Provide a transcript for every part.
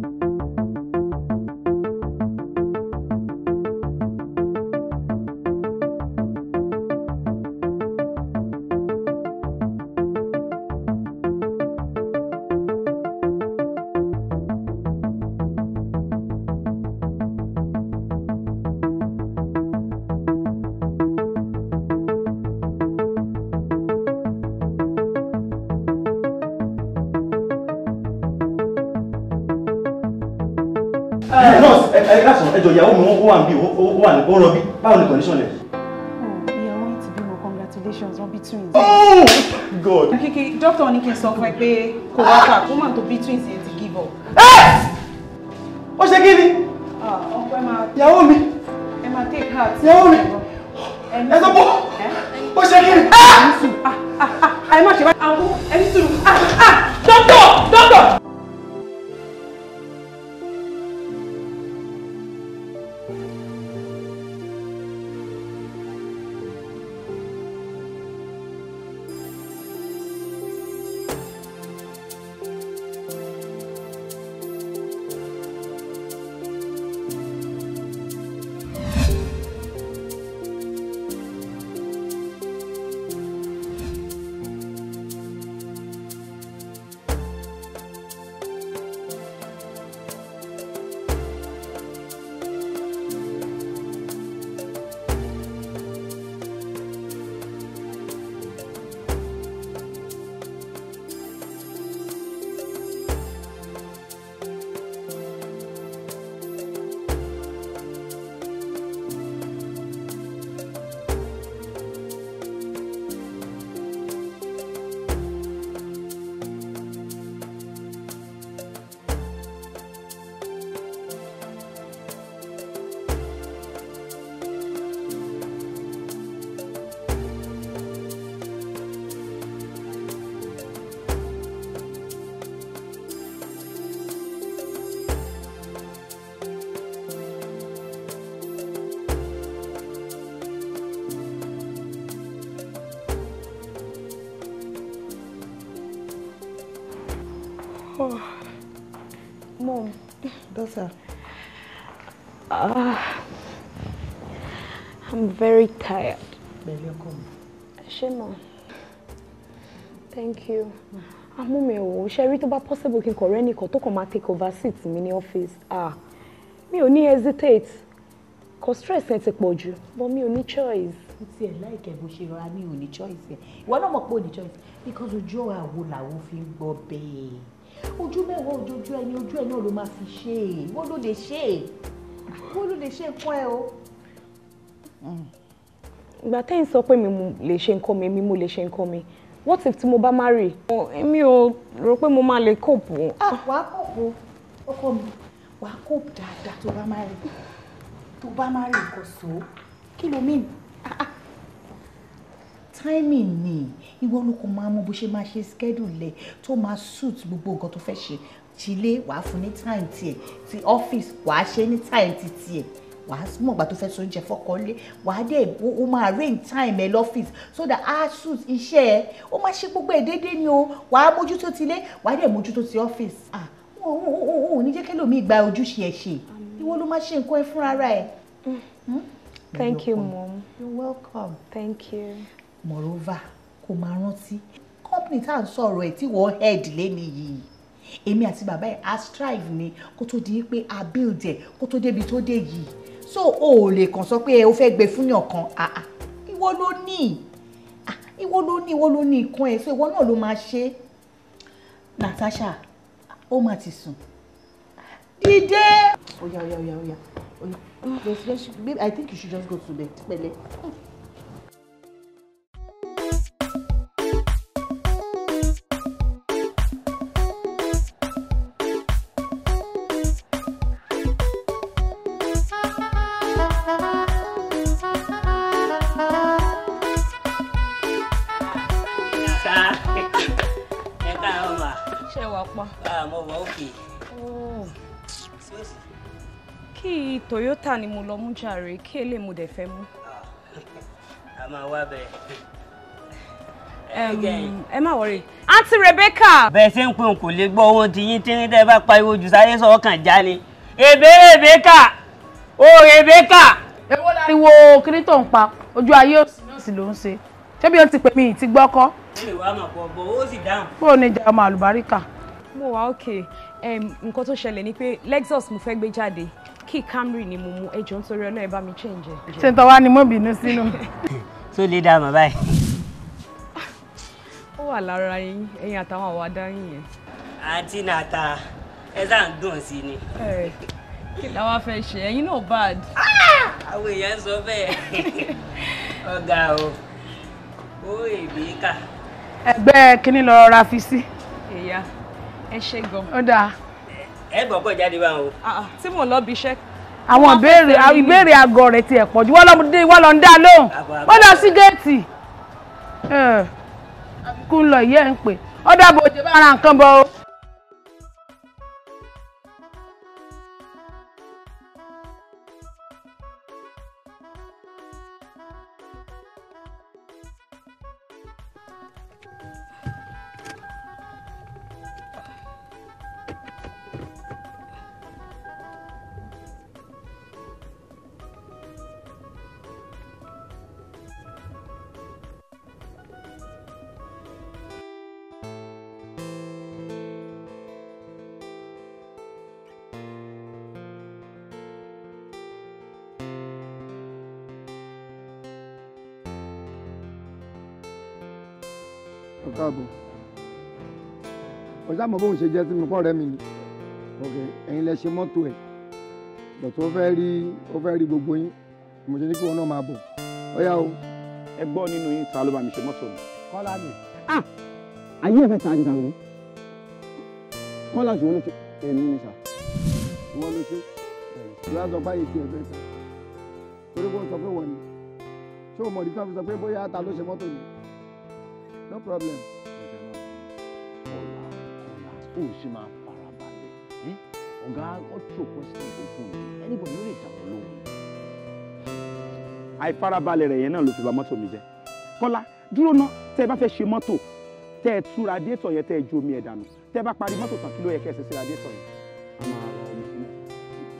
you ẹjọ ìyàwó mi ó wà níbí wà ní ó rọbí báwo ni condition rẹ. Oh, ìyàwó yìí ti bímọ congratulations wọn bí twins. oh god. kíkí dókítà ní sọ fún ẹ pé kò wá kà kó má tó bí twins ti give up. Eh! ó ṣe kí ni. Ah, ọkọ ẹ máa. ìyàwó mi. ẹ máa take heart. ìyàwó mi. ẹ sọ pé eh? ó ṣe kí ni. Ah, ah, ẹ má ṣe báyìí. àwọn ẹni sùn. dókítà. tó bá possible kí n kọ̀ rẹ́ nìkan tó kàn máa take over seat mi ní ọ́fíìsì ah mi ò ní hesitate kò stress ẹ ti pọ̀ jù but mi ò ní choice. ó ti ẹ̀ láìkẹ́ bó ṣe rọra mi ò ní choice ẹ̀ ìwọ náà mọ̀ pé ò ní choice because ojú ọ̀rọ̀ àwo làwo fi ń gbọ́ bẹ́ẹ̀ ojú mẹ́wàá ojoojú ẹni ojú ẹ̀ náà ló máa fi ṣe é wọ́n ló lè ṣe é wọ́n ló lè ṣe nǹkan ẹ o. ìgbà tẹ́yìn sọ pé mi lè ṣe nǹkan mi mi mo lè ṣe nǹkan mi what if tí mo bá marry mi ò rò pé mo máa lè cope. Ah, wàá cope ọkọ mi wàá cope dáadáa tó bá marry tó bá marry nǹkan so kí ló mean ah, ah. timing ni ìwọ ló kò máa mọ bó ṣe máa ṣe schedule lẹ tó máa suit gbogbo nǹkan tó fẹ́ ṣe tilé wàá fún ní time tiẹ̀ ti office wàá ṣe ní time ti tiẹ̀ wà á mọ̀ gbà tó fẹ́ sóúnjẹ fọkànlé wà á dẹ̀ ó máa rain time ẹ lọ́fíìsì so that á suit iṣẹ́ ẹ ó máa ṣe gbogbo ẹ̀ déédéé ni o wà á mójútó ti ilé wà á dẹ̀ mójútó ti ọ́fíìsì ah ò ní jẹ́ kẹ́lòmíì gba ojúṣe ẹ̀ ṣe ìwọ ló máa ṣe nǹkan ẹ fúnra rẹ. Mm. Hmm? thank you mom you're welcome thank you. moreover kò máa rántí company tá à ń sọ̀rọ̀ ẹ̀ tí wọ́n head lẹ́nu yìí èmi àti bàbá ẹ̀ astrive ni kó tó di pé a build ẹ̀ kó tó débi tó dé yìí so o ò lè kàn sọ pé ẹ o fẹ́ gbé fún yàn kan àà ah, ah. ah, ìwọ ló ní ìwọ ló ní ìwọ ló ní ìkan ẹ so ìwọ náà ló máa ṣe Natasha ó mà ti sùn dìde. oya oya oya oya oya I think you should just go to bed pẹ̀lẹ́. mo wà òkè. Oh. kí Toyota ni mo lọ mú jàre kí èlé mo dẹ̀ fẹ́ mú. Ah, a máa wá bẹ́ẹ̀ ẹ má wọrí. àǹtí Rebecca. bẹ́ẹ̀ ṣe ń pè n kò lè gbọ́ ohun tí yín tí ní tẹ́ bá pariwo jù sáré sọ ọkàn já ni. èbè Rebecca o Rebecca. èwo la ariwo kíní tó ń pa ojú ayé òsì náà sì ló ń ṣe ṣé bí o ti pè mí ti gbọ́kọ́. ó lè wá màpọ̀ bọ̀ ó sì dáhùn. bó o ní ìjà ọmọ àlùbáríkà. mo wà òkè nkan to ṣẹlẹ̀ ni pé Lexus mo fẹ́ gbé jáde Camry ni mo mú ẹjọ́ nítorí ọlọ́ọ̀ mi change ẹ̀. ṣé tọ́wá ni mo bínú sínú. tó lè dá àmọ́ báyìí. ó wà lára yín ẹ̀yin yẹn. ẹ ń dùn sí ni. kí làwa fẹ́ ṣe ẹyin náà bad. Ah! àwọn ọ̀gá o ó èbí kà. ẹgbẹ́ lọ ra fi ẹ ṣe gan. ó dáa. ẹ gbọ́kọ̀ jáde bá wọn o. Ah, ah, tí mò ń lọ bí iṣẹ́. àwọn ìbéèrè ìbéèrè àgọ́ rẹ̀ ti ẹ̀ pọ̀ jù wọ́n lọ ń dá lóhùn ó lọ sí géètì kú ń lọ ìyẹ́ ń pè ó dábò jẹ́ bá ara nǹkan bọ̀ o. sàmọ́ bóun ṣe jẹ́ sí mi pọ́ rẹ́ mi ni ok ẹ̀yin lẹ ṣe mọ́tò ẹ̀ bọ̀tún ó fẹ́ rí ó fẹ́ rí gbogbo yín mo ṣe ní kí wọn náà máa bọ̀ ọ̀yá o. ẹ gbọ́ nínú yín ta ló bá mi ṣe mọ́tò mi. kọ́lá mi. ah ayé ẹ fẹ́ ta àjùtà mi kọ́lá ṣùgbọ́n ló ṣe èmi ni sà. ìwọ ló ṣe ìyá sọ báyìí ti ẹ̀fẹ́ ta torí kó sọ pé wọ̀ ni ṣé o mọ̀ ní ká fi sọ pé bóyá ta ló ṣe mọ́tò mi no problem ó sì máa farabalẹ̀ ẹ́ ọ̀gá wọ́n tún question tó fún mi anybody ló lè dà wọ́n lóhùn. àìfarabalẹ̀ rẹ̀ yẹn náà ló fi ba mọ́tò mi jẹ́ kọ́lá dúró ná tẹ́ ẹ bá fẹ́ ṣe mọ́tò tẹ́ ẹ tú radiator yẹn tẹ́ ẹ ju omi ẹ̀ dànù tẹ́ ẹ bá parí mọ́tò tán kí ló yẹ kẹ́ ẹ ṣe sí radiator yẹn a máa rọ omi sí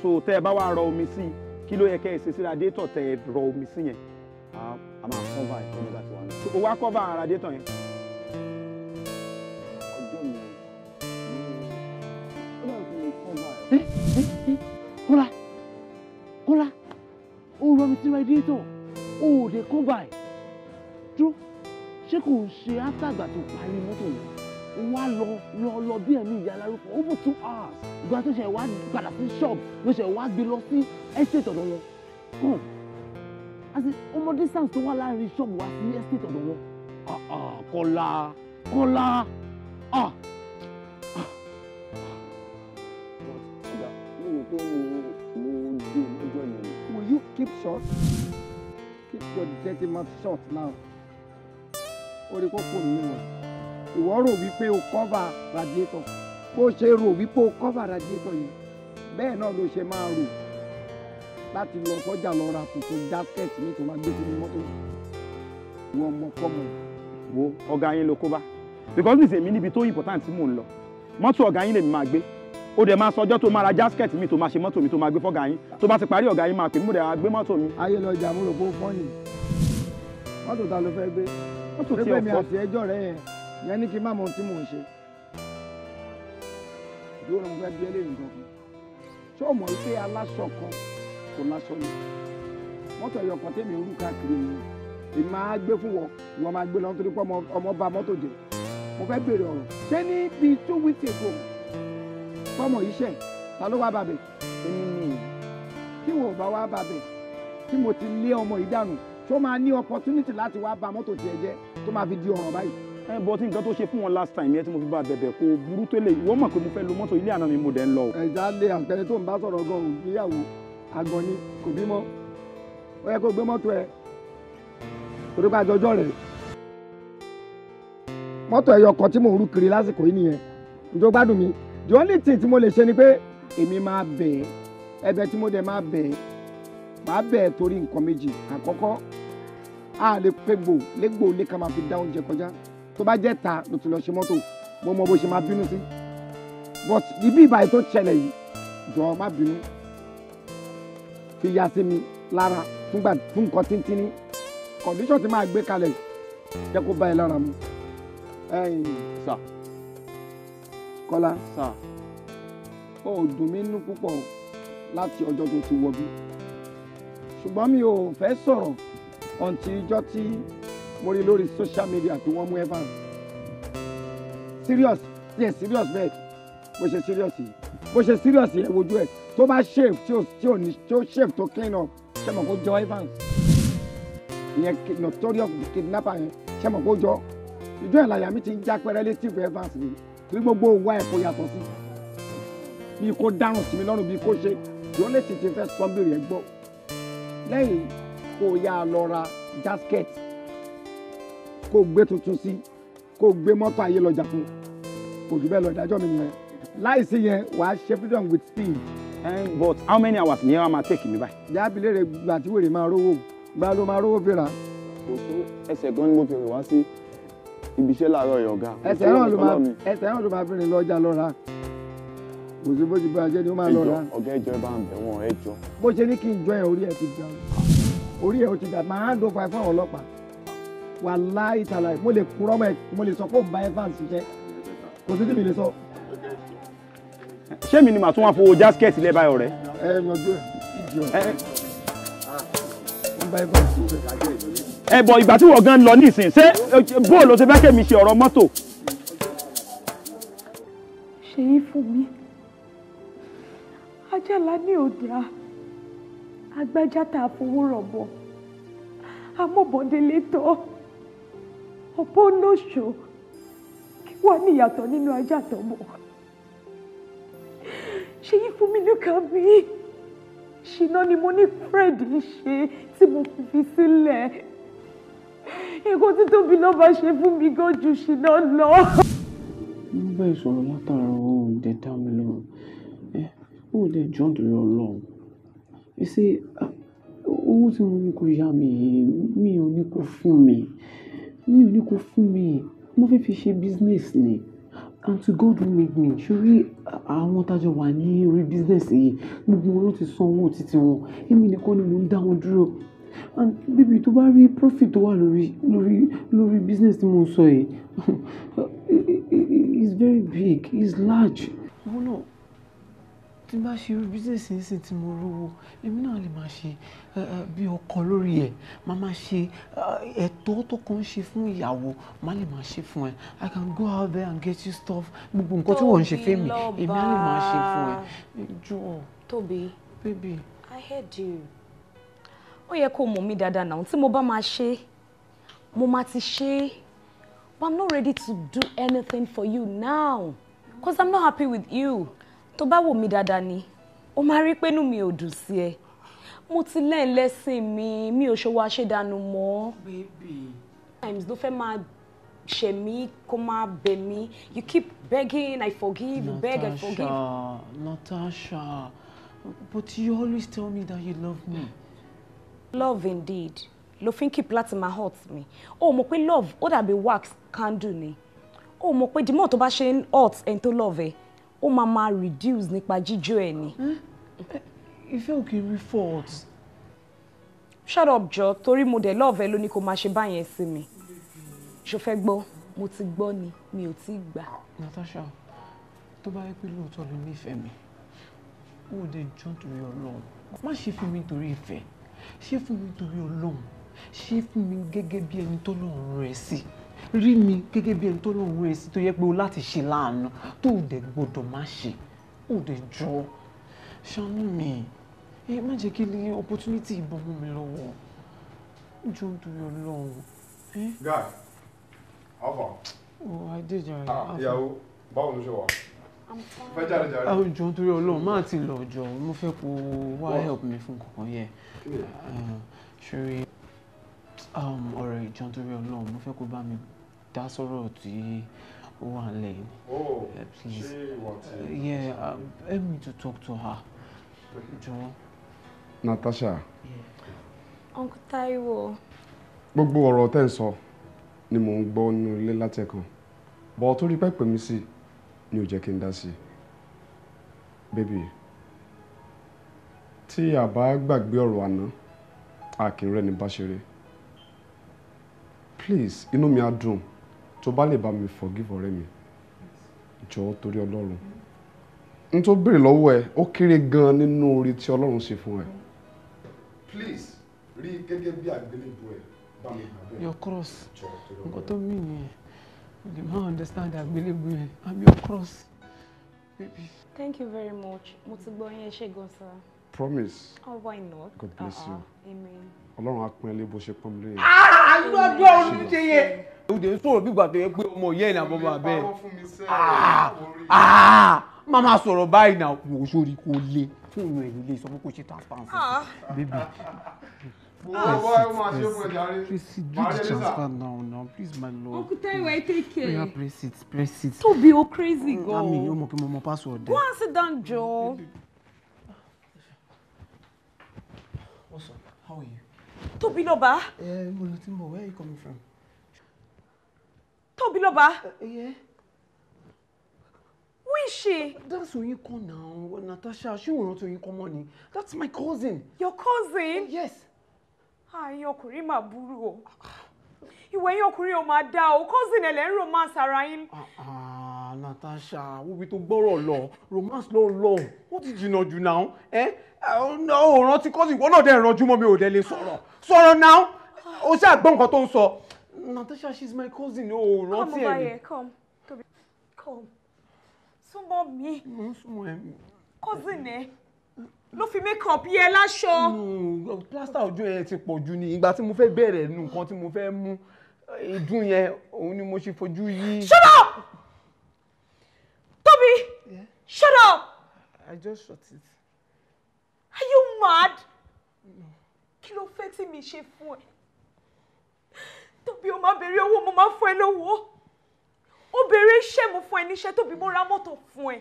so tẹ́ ẹ bá wá rọ omi sí kí ló yẹ kẹ́ ẹ ṣe sí radiator tẹ́ ẹ rọ omi sí yẹn a máa cover ẹ̀ tó ní láti wà ní. o wá cover radiator yẹn. Kọ́lá, Kọ́lá, ó rọ mi sí rẹ́díétọ̀, ó ò dé kó báyìí. Dúró, ṣé kò ń ṣe áfítà àgbà tó parí mọ́tò yìí? Wá lọ lọ lọ bí ẹ̀mí ìyá alárúkọ over two hours. to Ìgbà tó ṣe wá padà sí ṣọ́ọ̀bù ló ṣe wá estate lọ sí ẹ́sítẹ̀tì ọ̀dọ̀ wọn. Kàn, hmm. àti ọmọ distance the wà láàrin ṣọ́ọ̀bù wá sí ẹ́sítẹ̀tì ọ̀dọ̀ wọn. Ah, ah, Kọ́lá, Kọ́lá, ah. keep short keep your dirty mouth short now orí kókó mi wọ̀ ìwọ rò wípé o cover radiator bó ṣe rò wípé o cover radiator yìí bẹ́ẹ̀ náà ló ṣe máa rò láti lọ sọ́jà lọ ra tuntun jacket ní tó máa gbé sínú mọ́tò wọ ọmọkọ́mọ. wo ọ̀gá yín ló kó bá because mi sèmi níbi tó important tí mò ń lọ mọ́tò ọ̀gá yín lèmi máa gbé ó dẹ̀ máa sọ ọjọ́ tó máa ra jásikẹ̀tì mi tó máa ṣe mọ́tò mi tó máa gbé fọ́gà yín tó bá ti parí ọ̀gá yín máa pè mí mo dẹ̀ á gbé mọ́tò mi. ayé lọ jà mo rò fọ́yìn mọ́tò ta ló fẹ́ gbé mọ́tò tí ọkọ àti ẹjọ́ rẹ yẹn yẹn ní kí n má mọ ohun tí mò ń ṣe ìdúró ni mo fẹ́ bí eléyìí nǹkan ṣé o mọ̀ pé aláṣọ kan kò láṣọ ni mọ́tò ẹ̀yọ̀ tẹ̀mí orú káàkiri yìí ìmọ̀ á gbé fún wọ ìwọ máa gbé lọ nítorí pé ọmọ ba mọ́tò jẹ mo fẹ́ béèrè ọ̀rọ̀ ṣé ní bíi two weeks ago pọ́mọ iṣẹ́ ta ló wá bàbẹ̀ èmi ni èyí tí wò bá wá bàbẹ̀ tí mo ti lé ọmọ yìí dànù tó máa ní opportunity láti wá ba mọ́tò tiẹ̀ jẹ́ tó máa fi di ọ̀rọ̀ báyìí. ẹ bọ tí nǹkan tó ṣe fún wọn last time yẹn tí mo fi bá a bẹ̀bẹ̀ kó burú tó lè ìwọ mọ̀ pé mo fẹ́ lo mọ́tò ilé àná mi mo dẹ̀ ń lọ. ẹ̀dá lé àtẹni tó ń bá sọ̀rọ̀ gan-an ìgbéyàwó àgàn ni kò bímọ ó yẹ kó gbé mọ́tò ẹ torí pé àjọjọ́ rẹ̀ mọ́tò ẹ̀yọkọ̀ tí mò ń rú kiri lásìkò yìí nìyẹn ǹjọ́ gbádùn mi the only thing tí mo lè ṣe ni pé èmi máa bẹ̀ ẹ́ ẹ̀bẹ̀ tí mo dẹ̀ máa bẹ̀ ẹ́ máa bẹ̀ ẹ́ torí nǹkan méjì àkọ́kọ́ a lè fẹ́ gbò légbò lé ká máa fi dá oúnjẹ kọjá tó bá jẹ́ ta ló ti lọ ṣe mọ́tò mo mọ bó ṣe máa bínú sí but ibi ìbàyí tó ṣẹlẹ̀ yìí jọ má bínú fi yá sí mi lára fúngbà fún nǹkan tíntínní condition ti máa gbé kalẹ̀ jẹ́ kó bá ẹ lára mu. sir Kọ́lá sà ó dùn mí nú púpọ̀ láti ọjọ́ tó ti wọbí ṣùgbọ́n mi ò fẹ́ sọ̀rọ̀ ọ̀ǹtí ijọ́ tí mo rí lórí social media tí wọ́n mú Evans serious yẹ yeah, serious bẹ́ẹ̀ bó ṣe serious yìí bó ṣe serious yẹ wojú ẹ̀ tó bá shave tí ò tí ò ní tí shave tó clean up ṣe mọ̀ kó jọ Evans ìyẹn notorious kidnapper yẹn ṣe mọ̀ kó jọ ìjọ ìlàyà mi ti ń já pẹrẹ létí Evans nìyí torí gbogbo òwa ẹ̀kọ́ yàtọ̀ sí bí kò dárùn sí mi lọ́rùn bí kò ṣe yóò lè tètè fẹ́ sọ́bìrì ẹ̀ gbọ́ lẹ́yìn kó yá lọ ra jasket kó gbé tuntun sí kó gbé mọ́tò ayé lọ́jà fún kò jù bẹ́ẹ̀ lọ ìdájọ́ mi nìyẹn láìsí yẹn wàá ṣe freedom with speed. Um, but how many hours ni ẹ wá máa tẹ̀kì mi báyìí. jábìlẹ̀ rẹ̀ gbàtíwèrè máa rówó gbà máa rówó fèrà. kò tó ẹsẹ̀ gan ni mo fèrè wá sí ibi iṣẹ́ làárọ̀ yẹn ọ̀gá. ẹsẹ̀ náà ló máa ẹsẹ̀ náà ló máa bẹ̀rẹ̀ lọ́jà lọ́ra kò sí bó ti bá a jẹ́ ni ó máa lọ́ra. ọ̀gá ẹjọ́ ẹ bá ń bẹ̀ wọ́n ẹjọ́. bó ṣe ní kí n jọ yẹn orí ẹ ti dà orí ẹ ti dà máa ń dópa ẹ fún àwọn ọlọ́pàá wà láì tàlà mo lè kúrọ́ mọ́ ẹ mo lè sọ pé bá Evans ṣiṣẹ́ kò sí tí lè sọ. ṣé mi ni màá tún wá fowó jásikẹ́ẹ̀tì lẹ́bàá ọ̀rẹ́. ẹ ẹ yanjú ẹ ìdí ọ̀rẹ́. ń bá Evans ṣiṣẹ́ ẹ bọ̀ ìgbà tí wọ́n gan lọ nísìn ṣé bóòlù ló ṣe fẹ́ kèmi ṣe ọ̀rọ̀ mọ́tò. ṣèyí fún mi ajala ní òdìá agbájá tá a fowó rọ̀bọ̀ amóbọ̀délé tọ́ ọ̀pọ̀ lóṣù kí wàá ní ìyàtọ̀ nínú ajá tọ́mọ̀ ṣèyí fún mi ló kà mí ṣìnà ni mo ní fred ń ṣe tí mo fi sílẹ̀ nǹkan tí tóbi ló bá ṣe fún mi gan ju ṣìnà lọ. mo bá ìṣòro látara ohun dẹ dá mi lọ́rùn ẹ òun dẹ jọ nítorí Ọlọ́run ẹ ṣe owó tí mo ní kó yá mi yìí mi ò ní kó fún mi mi ò ní kó fún mi mo fẹ́ fi ṣe business ni and to God who made me sori àwọn tájọ wà ní orí business yìí gbogbo wọn ló ti san owó títí wọn èmi nìkan ni mò ń dá wọn dúró and baby, tó bá rí profit tó wà lórí lórí lórí business tí mo sọ yìí it's very big it's large. wọn náà tí bá ṣe irú business yìí sì tí mo rówó èmi náà lè máa ṣe bí ọkọ lórí ẹ máa máa ṣe ẹ̀tọ́ tó kàn ṣe fún ìyàwó máa lè máa ṣe fún ẹ i can go out there and get you stuff gbogbo nǹkan tí wọ́n ń ṣe fẹ́mi èmi á lè máa ṣe fún ẹ. Tóbi, I heard you ó yẹ kó mọ̀ mí dáadáa náà tí mo bá máa ṣe mo máa ti ṣe but i'm not ready to do anything for you now cause i'm not happy with you tó bá wò mí dáadáa ni ó máa rí pé inú mi ò dùn sí ẹ mo ti lẹ́yìn lẹ́sìn mi mi ò ṣòwò àṣedànù mọ́. baby. times ló fẹ́ máa ṣe mí kó máa bẹ̀ mí you keep begging i forgive you beg i forgive. natasha natasha but you always tell me that you love me. Mm love indeed ló fi ń keep láti máa hot mi ó mọ̀ pé love ó dàbí wax candle ni ó mọ̀ pé the more tó bá ṣe ń hot ẹni tó love ẹ ó máa máa reduce nípa jíjó ẹ ni. ìfẹ́ ò kì í rí fault. shut up jọ torí mo dẹ̀ love ẹ ló ní kó máa ṣe báyẹn sí mi ṣo fẹ́ gbọ́ mo ti gbọ́ ni mi ò tí ì gbà. Natasha tó bá yẹ pé lóòótọ́ ló nífẹ̀ẹ́ mi ó dé jọ́ torí Ọlọ́run má ṣe fún mi torí ìfẹ́ ṣé fún mi torí Ọlọ́run ṣé fún mi gẹ́gẹ́ bí ẹni tó lóun rẹ̀ sí rí mi gẹ́gẹ́ bí ẹni tó lóun rẹ̀ sí tó yẹ pé o láti ṣe láàánú tó o dẹ̀ gbọ́dọ̀ má ṣe o dẹ̀ jọ ṣàánú mi ẹ má jẹ́ kí ní opportunity ìbọn mú mi lọ́wọ́ jọ ń torí Ọlọ́run. guy ọkọ. ọ adéjà rẹ. ìyàwó báwo ló ṣe wà àwọn ìjọ torí ọlọ́run máa ti lọ jọ mo fẹ́ kó wá help mi fún kankan yẹn ṣeré um, ọ̀rọ̀ ìjọ torí ọlọ́run mo fẹ́ kó bá mi dá sọ̀rọ̀ tí ó wà lẹ́yìn oh, please yeah uh, help me to talk to her John. Natasha uncle Taiwo. gbogbo ọ̀rọ̀ tẹ́ ń sọ ni mò ń gbọ́ nínú ilé látẹ̀kàn bọ̀ torí ni ò jẹ́ kí n dá sí i bébì tí a bá gbàgbé ọ̀rọ̀ àná a kì í rẹ́ni bá ṣeré please inú mi á dùn tó bá lè bá mi forgive ọ̀rẹ́ mi jọ̀ọ́ torí ọlọ́run n tó béèrè lọ́wọ́ ẹ ó kéré gan-an nínú orí tí ọlọ́run ṣe fún ẹ. please rí gẹ́gẹ́ bí àgbélébùú ẹ bá mi gbàgbé. your cross nǹkan tó mí nìyẹn. You did not understand believe me, I'm your cross, baby. Thank you very much. Mo ti gbọ́ yín Promise. Oh, why not? God bless uh -uh. you. Amen. Ọlọ́run á pín ẹ lé bó ṣe pọ́n mi lé. Àlọ́ ọjọ́ òní ṣe yẹ. Òde ń sọ̀rọ̀ bí ìgbà tó yẹ pé ọmọ ìyá ẹ̀ ah, ah, náà bọ́ bá bẹ́ẹ̀. Màmá Mo wá wá ó máa ṣe fún ẹja rí. Please sit do the transfer now now please my lord. Uncle Taiwo I take care. Oya press it press it. Tobi o oh, crazy mm, go. Ami o mọ̀ pé mo mọ password. Go and sit down Joe. What's up? How are you? Tobi Loba. Ẹ eh, mo lọ tí mo where are you coming from? Tobi Loba. Eh, eh, yeah. Who is she? That's when you call now, Natasha. She will not you Oyinkan money. That's my cousin. Your cousin? Yes àyìn ah, ọkùnrin mà burú o ìwà ẹ̀yin ọkùnrin ò máa dá o cousin ẹ̀lẹ́ ń romance ara yín. Ah, ah, Natasha wíwí tó gbọ́rọ̀ lọ romance ló ń lọ ó ti jìnnà jù náà ẹ ò rántí cousin ìwọ náà dẹ̀ ranjú mọ́ mi ò dẹ̀ lè sọ̀rọ̀ sọ̀rọ̀ náà o ṣáà gbọ́ nǹkan tó ń sọ Natasha she's my cousin o ò rántí ẹ̀ ni. come over here come come súnmọ́ mi cousin ẹ̀ ló fi makeup yẹ láṣọ. Hmm, plaster ojú ẹ ti pọ̀ jù ní ìgbà tí mo fẹ́ bẹ̀rẹ̀ nǹkan tí mo fẹ́ mú ìdún yẹn òun ni mo ṣe fojú yí. shut up Tobi shut up. I just shot it. are you mad? kí ló fẹ́ tí mi ṣe fún ẹ? Tobi o máa béèrè owó mo máa fún ẹ lówó ó béèrè iṣẹ́ mo fún ẹ níṣẹ́ Tobi mo ra mọ́tò fún ẹ.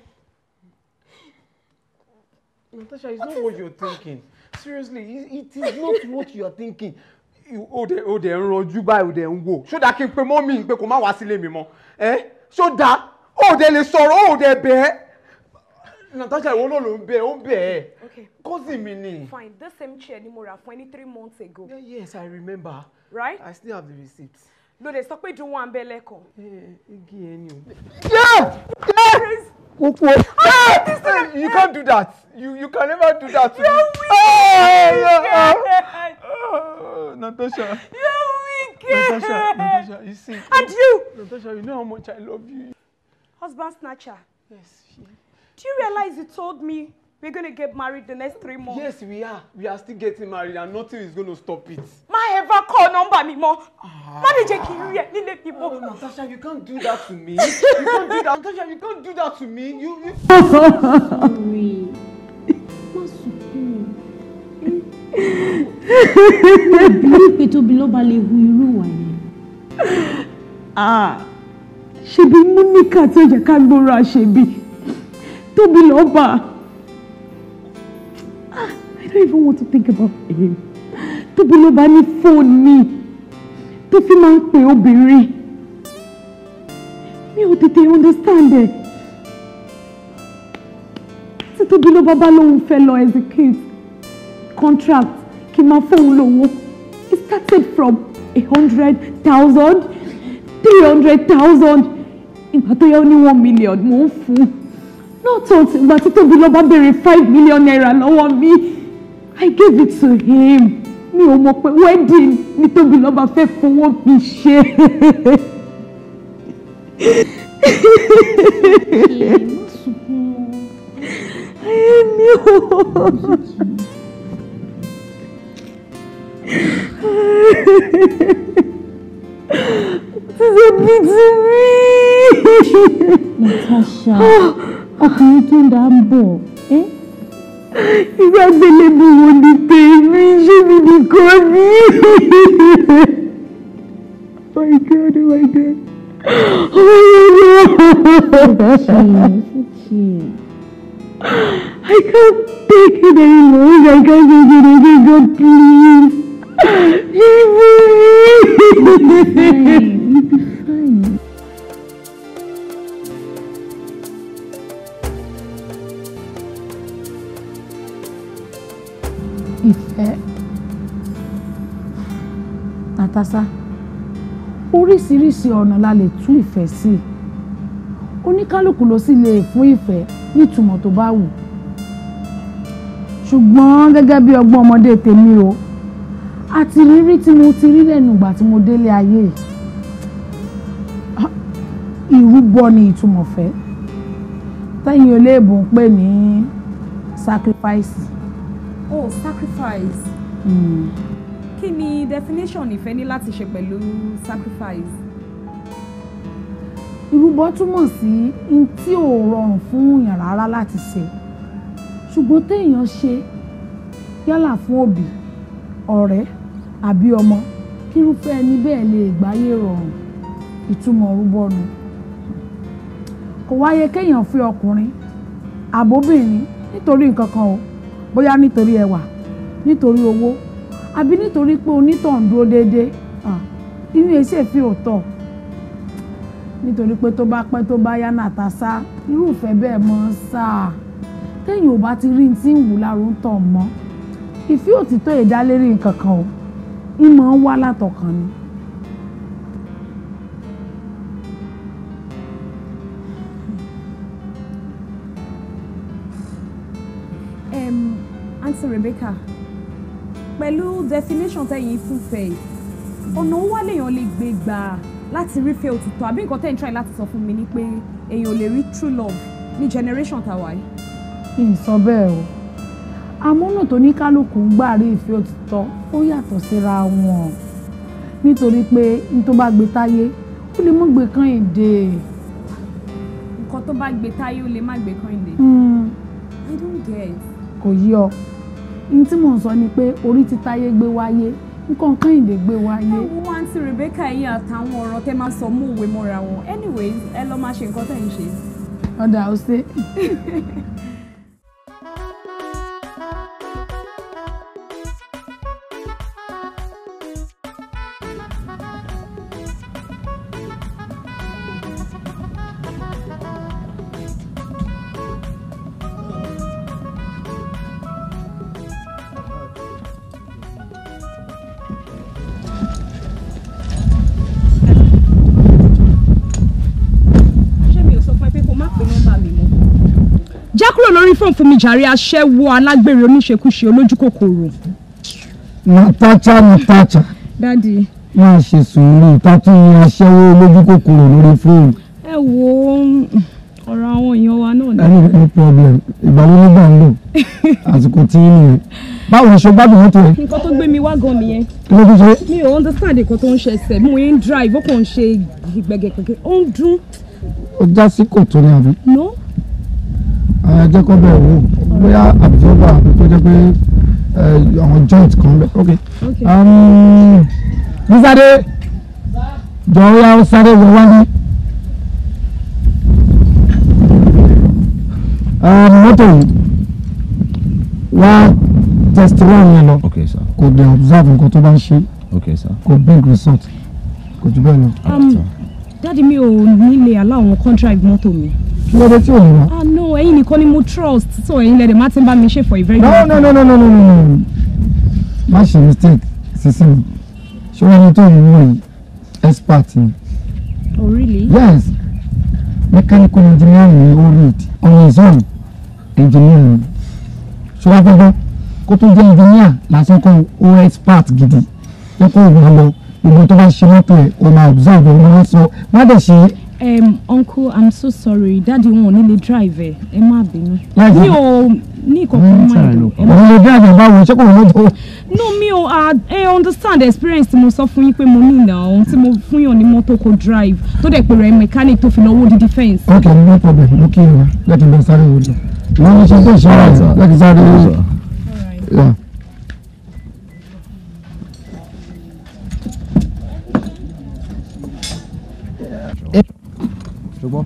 Natasha, it's what not is what it? you're thinking. Seriously, it, is not what you're thinking. O de o de ń rojú báyìí o de ń wò. Ṣó dáa kí n pe mọ́ mi pé kò má wá sílé mi mọ́? Ẹ ṣó O de lè sọ̀rọ̀ o de bẹ́ẹ̀. Natasha ìwọ náà ló ń bẹ ó ń bẹ ẹ. Kọ́sì mi ni. Fine, this same chair ni mo rà fún ẹ three months ago. Yeah, yes, I remember. Right? I still have the receipt. Lóde sọ pé dùn wọn abẹ́lẹ̀ kan. Eh, igi ẹni o. Yeah! Yeah! Ukwu. Ah, ah you can't do that. You you can never do that You're me. Wicked. Oh, yeah. oh, Natasha. You're wicked. Natasha, Natasha, you see. And you. Natasha, you know how much I love you. Husband snatcher. Yes. She... Do you realize you told me We're going to get married the next three months. Yes, we are. We are still getting married and nothing is going to stop it. My ever call number mi mọ́. Ah. Má lè jẹ́ kí n rí ẹ nílé oh, Natasha, you can't do that to me. You can't do that. Natasha, you can't do that to me. You. you... Sorry. Má sunkún. Mo bí pé tóbi ló bá lè hu irú ìwà yẹn. Ṣebí Monica tó yẹ ká gbóra ṣebí. Tóbi lọ́ọ́ bá a. I don't even want to think about him. Tóbi ló bá ní fóònù mi tó fi máa ń pe obìnrin. Mi ò tètè understand ẹ̀. Tí Tóbi ló bá bá lóun fẹ́ lọ execute contract kí n máa fóun lówó. It started from a hundred thousand three hundred thousand ìgbà tó yẹ ó ní one million mò ń fún un. Lóòótọ́ ìgbà tí Tóbi ló bá béèrè five million naira lọ́wọ́ mi. I gave it to him mi ò mọ̀ pé wedding ni Tóbilọ́ba fẹ́ fowó mi ṣe. Èmi ò. This is a big to me. Natasha, ọkùnrin tó ń dá ń bọ̀, irú àgbélébù wo ni tèmi ṣé mi nìkan ní. Oh my God, oh my God. Oh my God. I can't take it anymore. I can't take it anymore. please. sásá oríṣiríṣi ọ̀nà la lè tú ìfẹ́ sí oníkálukú ló sì lè fún ìfẹ́ nítumọ̀ tó bá wù ṣùgbọ́n gẹ́gẹ́ bí ọgbọ́n ọmọdé tèmi o àti rírí tí mo ti rí lẹ́nu ìgbà tí mo délé ayé ìrúbọ ni ìtumọ̀ fẹ́ tẹ́yìn olóòbò ń pè ní sacrifice. oh sacrifice. Mm definition ìfẹ́ ní láti ṣe pẹ̀lú sacrifice. ìrúbọ túmọ̀ sí n tí ò rọrùn fún yàn rárá láti ṣe ṣùgbọ́n téèyàn ṣe yálà fún òbí ọ̀rẹ́ àbí ọmọ kírúfẹ́ ẹni bẹ́ẹ̀ lè gbáyé rọrùn ìtumọ̀ rúbọ nu kò wáyé kéèyàn fi ọkùnrin àbóbìnrin nítorí nǹkan kan o bóyá nítorí ẹwà nítorí owó àbí nítorí pé onítọ̀hún dúró déédéé inú ẹsẹ̀ fi òótọ́ nítorí pé tó bá pẹ́ tó bá yá nàta sá irúfẹ́ bẹ́ẹ̀ mọ́ sá téèyàn ò bá ti rí ti ń wù lárò ń tọ̀ mọ́ ìfí òtítọ́ ìdálérí nǹkan kan o ìmọ̀ ń wá látọkàn ni. Rebecca pẹ̀lú definition tẹ̀yìn fún fẹ́ yìí ọ̀nà owó lèèyàn lè gbé gbà láti rí fẹ́ òtítọ́ àbí nǹkan tẹ̀yìn try láti sọ fún mi ni pé èèyàn lè rí true love ní generation tàwa yìí. kì í sọ bẹ́ẹ̀ o amúnà tó ní kálukú gbà rí ìfẹ́ òtítọ́ ó yàtọ̀ síra wọn nítorí pé n tó bá gbé táyé ó lè mú gbé kan èdè. nǹkan tó bá gbé táyé ó lè má gbé kan èdè. Hmm. I don't get. kò yí ọ n tí mò ń sọ ni pé orí ti táyé gbé wáyé nǹkan kẹ́hìndé gbé wáyé. ẹ wo àǹtí Rebecca yìí àtàwọn ọ̀rọ̀ tẹ́ máa sọ mú òwe mọ́ra wọn anyways ẹ lọ́ọ́ máa ṣe nǹkan tẹ̀ ń ṣe. ọ̀dà ọ̀sẹ̀. jàre aṣẹ́wó alágbèrè oníṣekúṣe olójú kòkòrò. nàtàchà nàtàchà. dádì. máa ṣe sùúrù tàtún ní aṣẹ́wó olójú kòkòrò lórí fóònù. ẹ wo ọ̀rọ̀ àwọn èèyàn wa náà ni. ẹni ní problem ìgbàlódé nígbà ń lò àsìkò tí ń rìn báwo ni ṣe gbádùn mọ́tò ẹ. nǹkan tó gbé mi wá gan nìyẹn. kí ló ṣe. mi ò understand nǹkan tó ń ṣẹṣẹ mo ń drive ó kàn ń ṣe gbẹgẹgbẹgẹ ó ń dún. ó já sí kòtò ni àbí. no jẹ́kọ́ bẹ̀ wò bóyá àbùjọba tó jẹ́ pé àwọn joint kan bẹ̀ ok. nísàdé jọ̀wọ́ yà ó sáré wọ wá ní. Um, mọ́tò wá test one yẹn lọ kò dé observe nǹkan tó bá ń ṣe kò bring result kò jù bẹ́ẹ̀ lọ. Um, dáàdi mi ò nílé aláwọn contract mọ́tò mi. kí ló dé tí ò ń wá. ah no ẹ̀yin nìkan ni mo trust so ẹ̀yin lẹ́dẹ̀ má ti ń bá mi ṣe for a very long time. no no no no no no má ṣe mistake sísè mi ṣé wọ́n ní tó ń wọ expert ni. oh really. yes mechanical engineering ni ó read on his own engineering ṣé wọ́n fẹ́ fẹ́ kó tó jẹ́ engineer lásán kó ó expert gidi ẹ kó ìgbà lọ ìgbọ́n tó bá ṣe mọ́tò ẹ̀ wọ́n máa observe ẹ̀ wọ́n sọ wọ́n dẹ̀ ṣe. uncle i'm so sorry dadi wọn ò ní lè drive ẹ ẹ má bínú mi ò ní ìkọ̀kọ̀ mọ́ ẹ̀ lọ. ọ̀rọ̀ drive ẹ̀ báwo ṣé kò wọ́n tó. no mi ò ah, ẹ understand experience tí mo sọ fún yín pé mo ní ìnà ohun tí mo fún yàn ní mọ́tò kò drive tó dẹ̀ pé rẹ̀ mechanic tó fi lọ́wọ́ dídí fence. ok no problem mo kí ìwà láti lọ sáré wọlé wọn ní ṣe tó ìṣe rẹ láti sáré wọlé. ṣùgbọ́n.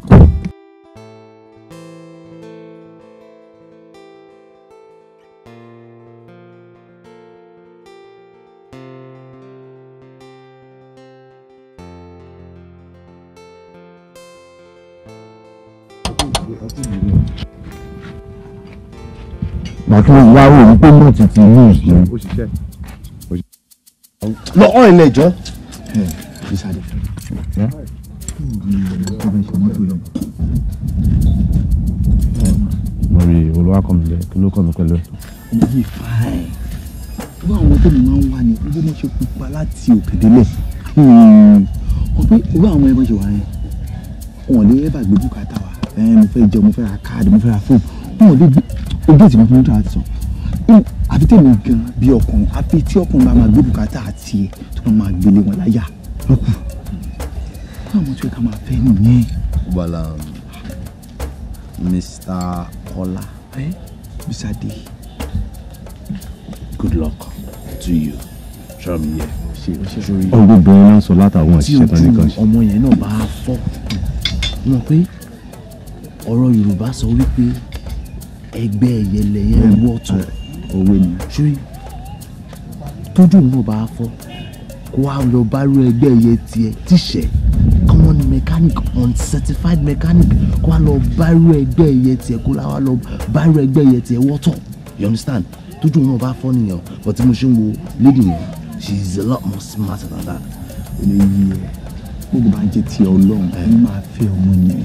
bàtà ìyàwó yìí pé mọ̀ títí ní ìṣe. lọ ọ̀ ilé ìjọ mo rí olùwàkọ̀mílẹ̀ kí ló kọ̀ mí pẹ̀lú ẹ̀. iye fine irú àwọn tó máa ń wà ní bí wọ́n ṣe pupa láti òkè délẹ̀ wọ́n hmm, pé irú àwọn ẹ̀mọ́ ṣe wà yẹn wọn ò lè ẹ́ bàgbé bùkátà wa mo fẹ́ jẹun mo fẹ́ ra káàdì mo fẹ́ ra fóònù wọn ò lè gbé ojú ìtì máa fi ń tọ́ àti sọ àfi tèmi gan bí ọkùnrin àfi tí ọkùnrin bá máa gbé bùkátà àti ẹ̀ tó máa gbélé wọn láyà lókù táwọn tó yẹ ká máa fẹ́ nìyẹn. wàhálà Mr. Kola eh? Bisade good luck to you ṣọ́ọ̀mù yẹ ọgbọ́n bẹ̀rẹ̀ náà sọ látàwọn àṣìṣe tán nìkan ṣe. ọmọ yẹn náà bá a fọ́ mọ̀ pé ọ̀rọ̀ Yorùbá sọ wípé ẹgbẹ́ ẹyẹlẹyẹ wọ́ọ̀tọ̀ owó ni ṣé tójú náà bá a fọ́ kó a lọ bá rú ẹgbẹ́ ẹyẹ tiẹ̀ tíṣẹ́ mechanic uncertified mechanic kó wá lọ bárò ẹgbẹ́ ẹ̀yẹ tiẹ̀ kó wá lọ bárò ẹgbẹ́ ẹ̀yẹ tiẹ̀ wọ́tọ̀ you understand tójú wọn bá fọ́ nìyẹn but tí mo ṣe ń wo lady yẹn she is a lot more smarter than that. olóyè gbogbo bá jẹ ti Ọlọ́run ẹ eh. máa fẹ́ ọmọ yẹn.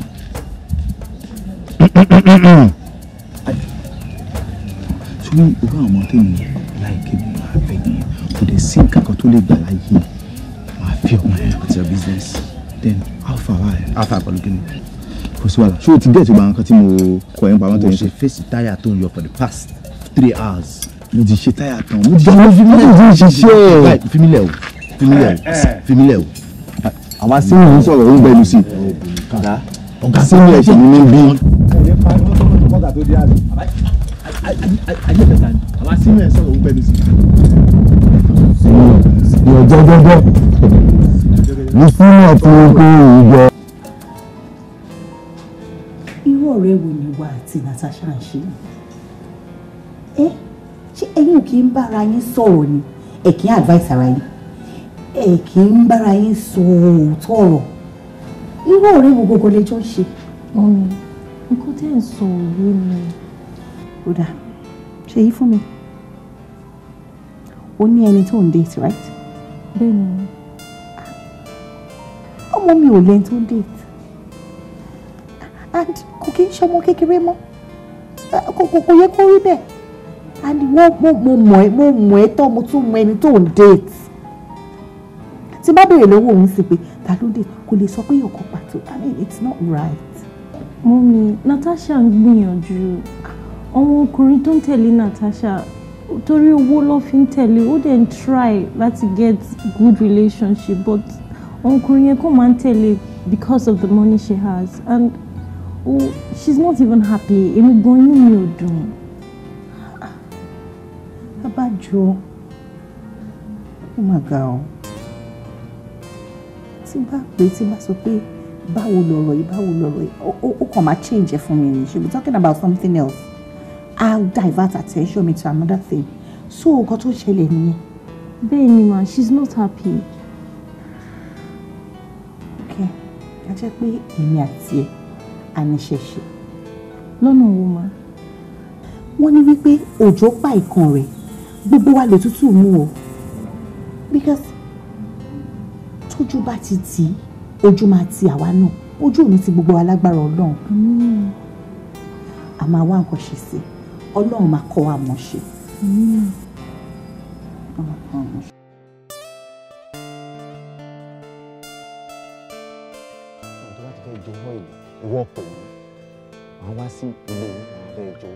sórí òkú àwọn ọmọ tèmi láìpẹ́ mi máa fẹ́ yẹn kò dé sí nǹkan kan tó lè gbà láyé máa fẹ́ ọmọ yẹn. it's your business then alpha wa ẹ. alpha pẹ̀lú kí ni. kò sí wàhálà ṣé o ti gẹ̀ tí o bá mo kọ ẹ̀ pa àwọn tó ń ṣe. mo ṣe fèsì táyà for the past three hours. mo ti ṣe tire tán mo jẹ́ lójú mi ò ti ṣiṣẹ́. fímilẹ̀ o fímilẹ̀ o fímilẹ̀ o. àwa sínú yìí sọ̀rọ̀ ó ń gbẹnu sí i. ọ̀gá sínú ẹ̀sìn mi ń bí. ayé bẹ̀ta ni àwa sínú ẹ̀ sọ̀rọ̀ ń gbẹnu sí i. ní ọjọ́ gbọ́gbọ́ ìsúná tó kó ìjọ. irú ọ̀rẹ́ wo ni wà àti Natasha ń ṣe? ẹ ṣé ẹ̀yin ò kí ń bára yín sọ̀rọ̀ ni ẹ kì í advice ara yín ẹ kì í bára yín sọ òótọ́ ọ̀rọ̀ irú ọ̀rẹ́ wo gbogbo lẹjọ́ ń ṣe. mọ́mi nǹkan tẹ́ ń sọ òye mi. ó dáa ṣe yí fún mi o ní ẹni tó ń date right. bẹ́ẹ̀ ni ọmọ mi ò lẹ́ni tó ń date and kò kí ń ṣọmọ kékeré mọ́ kò yẹ kó rí bẹ́ẹ̀ and wọ́n mo mọ̀ ẹ́ mo mọ̀ ẹ́ tán mo tún mọ ẹni tó ń date tí bá béèrè lọ́wọ́ òun sì pé ta ló dé kò lè sọ pé ọkọ̀ pàtó i mean it's not right. mọ́mi Natasha ń gbìyànjú àwọn ọkùnrin tó ń tẹ̀lé Natasha torí owó ló fi ń tẹ̀lé ó dẹ̀ ń try láti get good relationship but ọkùnrin yẹn kò máa ń tẹ̀lé because of the money she has and oh, she's not even happy èmi gan inú mi ò dùn. abájọ ó mà ga ọ tí bá pé tí bá sọ pé báwo lọ̀rọ̀ yìí báwo lọ̀rọ̀ yìí ó kàn máa change ẹ fún mi ni she be talking about something else I'll divert attention me to another thing so nǹkan tó ṣẹlẹ̀ nìyẹn. bẹ́ẹ̀ ni ma she's not happy. a jẹ́ pé èmi àti ẹ̀ a ní ṣẹ̀ṣẹ̀ lọ́nà wo ma. wọ́n ní wípé òjò pa ìkan rẹ̀ gbogbo wa lè tútù mú o because tójú bá ti tì í ojú máa ti àwa náà ojú òní ti gbogbo alágbára ọlọ́run a máa wá nǹkan ṣe sí ọlọ́run máa kọ́ wa mọ̀ ṣe. ọlọ́run máa kọ́ wa mọ̀ ṣe. wọ pẹ̀lú máa wá sí ilé ààrẹ ìjọ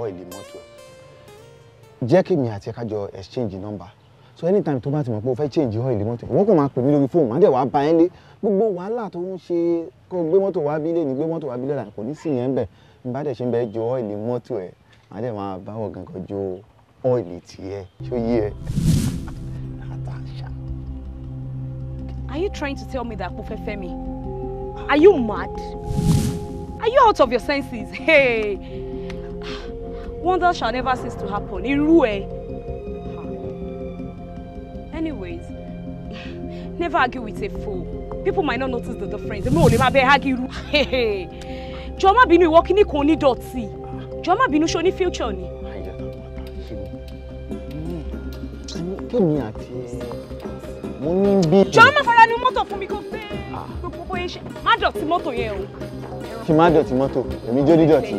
ọ́ìlì mọ́tò ẹ̀ jẹ́ kí mi àti ẹ̀ka jọ exchange number so anytime tó bá ti mọ̀ pé o fẹ́ change ọ́ìlì mọ́tò ẹ̀ wọ́n kàn máa pè mí lórí fóònù máa dẹ̀ wá bá ẹ́ lé gbogbo wàhálà tó ń ṣe kó gbé mọ́tò wá bílé ní gbé mọ́tò wá bílé kò ní sí yẹn bẹ̀ ń bá dẹ̀ ṣe ń bẹ jọ ọ́ìlì mọ́tò ẹ̀ máa dẹ̀ máa báwọ̀ gangan jọ Are you trying to tell me that kò fẹ́ fẹ́ Are you mad? Are you out of your senses? Hey! Wonders shall never cease to happen. Irú Anyways, never argue with a fool. People might not notice the difference. Èmi ò lè máa bẹ argue irú. Jọ̀ọ́ má bínú ìwọ kíní kan onídọ̀tí. Jọ̀ọ́ má bínú ṣo ní future ni. Hmm. Hmm. Kí ni àti mo ní bí. jọ̀ọ́ má fara ní mọ́tò fún mi kó gbé gbogbo bóyá ṣe má dọ̀tí mọ́tò yẹn o. kí má dọ̀tí mọ́tò èmi jó dídọ̀tí.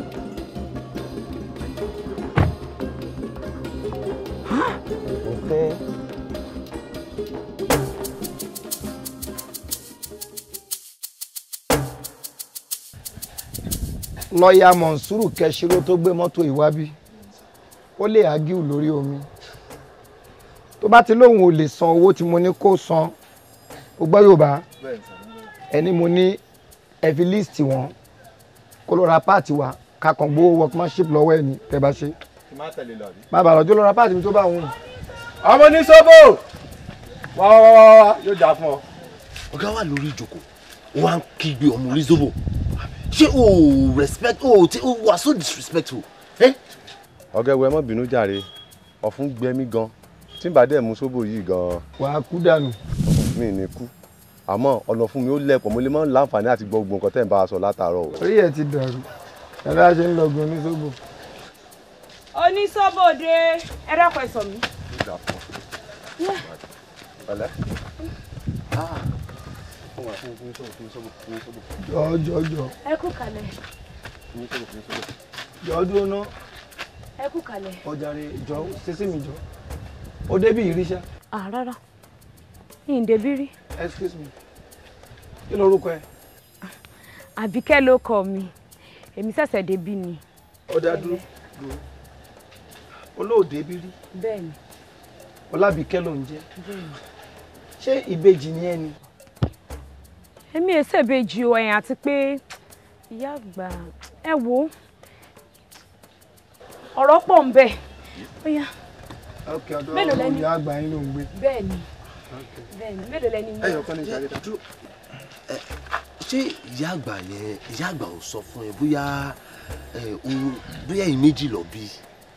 lọ́ọ̀yà mọ̀nsúrù kẹ́sìrò tó gbé mọ́tò ìwábí ó lè ágíù lórí omi tó bá ti lóun ò lè san owó tí mo ní kó san o gbọ́ Yorùbá ẹni mo ní ẹ̀fí líìsì wọn kó lọ ra páàtì wa kakàn gbowó workmanship lọ́wọ́ ẹni tẹ́ bá ṣe. má bàa lọ́jọ́ lọ ra páàtì mi tó bá wù. ọmọ ní sọ́bù wá wá wá wá yóò jà fún ọ. ọ̀gá wà lórí ìjòkó wá ń kígbe ọmọ orí zobo ṣé o respect o ti o wà so disrespectful. ọ̀gá ìwé ẹ má bínú jàre ọ̀fun gbẹmí gan tí n bá dẹ̀ mu sóbò yìí gan-an. wàá kú dànù. mi ní kú àmọ́ ọ̀nà fún mi ó lẹ́pọ̀ mo lè máa ń láǹfààní àti gbọ́ gbogbo nǹkan tẹ́ ń bá a sọ látàárọ̀ o. orí ẹ ti dàrú ẹ̀rọ ṣe ń lọgun oníṣòbò. oníṣòbòde ẹ dákun ẹ sọ mi. jọjọjọ. ẹ kú kalẹ̀. jọ dúró ná. ẹ kú kalẹ̀. ọjà rẹ jọ ṣẹṣẹ mi jọ o débí ìríṣà. à rárá yìí rí. excuse me kí lorúkọ ẹ. àbíkẹ́ ló kọ mi èmi ṣẹ̀ṣẹ̀ débí ni. ọ̀dà dúró dúró olóòdè bí rí. bẹ́ẹ̀ni. ọlábìkẹ́ ló ń jẹ́. bẹ́ẹ̀ni. ṣé ìbejì ni ẹ ni. èmi èsè ìbejì o ẹ̀yìn àti pé ìyá àgbà ẹ wo ọ̀rọ̀ pọ̀ ń bẹ ó yá ọkẹ ọdọ ìyá àgbà yín ló ń gbé. bẹ́ẹ̀ni bẹ́ẹ̀ni mélòó lẹni yín. ẹyọ kan ní ìṣàlẹ̀ dàdú. Eh, ṣé ìyá àgbà yẹn ìyá àgbà ò sọ fún ẹ bóyá eh, bóyá ẹ̀yin méjì lọ bí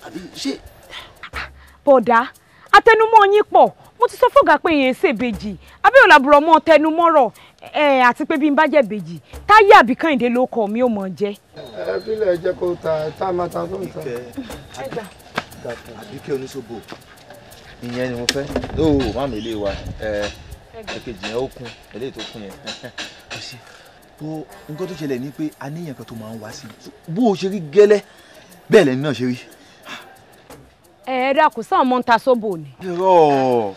àbí ṣé. bọ̀dá àtẹnumọ́ yín pọ̀ mo ti sọ fọ́gà pé èyí ṣe bèjì abẹ́yọ̀ làbúrò mọ́ tẹnumọ́rọ̀ ẹ eh, àti pé bí n bá jẹ bèjì táyé àbí kàǹdé ló kọ mi ò mọ̀ jẹ́. ẹ bí lè jẹ́ kó ta tá a máa ta tó ń ta àbíkẹ́ oníṣòbò ìyẹn ni mo fẹ́ lóò má mi lé wa ẹ̀ẹ́dẹ̀kejì yẹn ó kún eléyìí tó kún yẹn. bó nǹkan tó ṣẹlẹ̀ ni pé a níyàn kan tó máa ń wá sí i bó o ṣe rí gẹ́lẹ́ bẹ́ẹ̀ lẹ́ni náà ṣe rí. ẹ ẹ dà kó sáwọn ọmọ ń ta sóbò ni. irọ́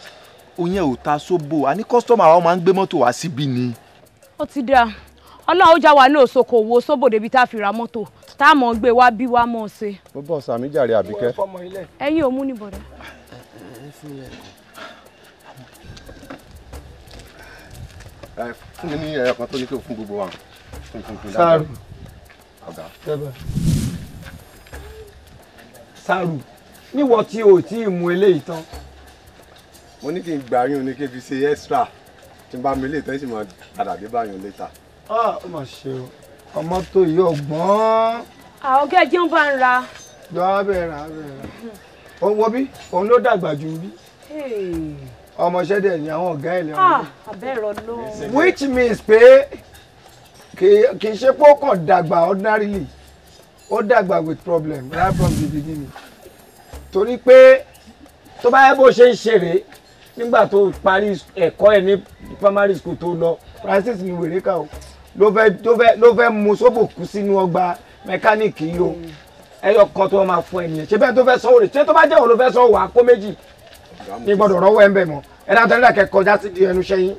oyin ò ta sóbò a ní kọ́sítọ́mù àwọn máa ń gbé mọ́tò wá síbí ni. ó ti dáa ọlọ́run ó já wa ní òsokò owó sóbò débi tá a fi ra mọ́tò tá a mọ̀ gbé wá bí wá mọ̀ ṣe. mo bọ̀ sàmì jàre àbíkẹ́. ẹyin ò mú ní bọ̀dọ̀. fún mi ní ẹyọ kan tó ní kí o fún gbogbo wa. sáàrù sáàrù níwọ tí o tí ì mú eléyìí tán. mo ní kí n gbà yín o ní kí n fi ṣe extra tí n bá mi lè tẹ́sí mọ́ padà dé báyìí létà. Ah, ó mà ṣe o ọmọ tó yí ọgbọ́n. àwọn ọgẹ́ jẹun bá ń ra. yọ abẹ́rẹ́ abẹ́rẹ́ òun wo òun ló dàgbà jù bí ọmọọṣẹ́ dẹ̀ ni àwọn ọ̀gá ẹ̀ lẹ́wọ̀n. Ah, abẹ́rẹ́ ọlọ́run. which means pé kì í ṣe pé ó kàn dàgbà ordinarily ó dàgbà with problem right from the beginning torí pé tó bá yẹ bó ṣe ń ṣeré nígbà tó parí ẹ̀kọ́ ẹ̀ ní primary school tó lọ francis ni wèrè ká o ló fẹ́ ló fẹ́ ló sóbò kú sínú ọgbà mẹkáníìkì yìí o ẹyọ kan tó máa fún ẹnìyẹn ṣé bẹ́ẹ̀ tó fẹ́ sọ òrè ṣé tó bá jẹ́ òun ló fẹ́ sọ wàá kó méjì ní gbọ́dọ̀ rọ́wọ́ ẹ̀ ń bẹ̀ mọ́ ẹ̀dá tó ń dàkẹ́ kọjá sí di ẹnu ṣẹ́yìn.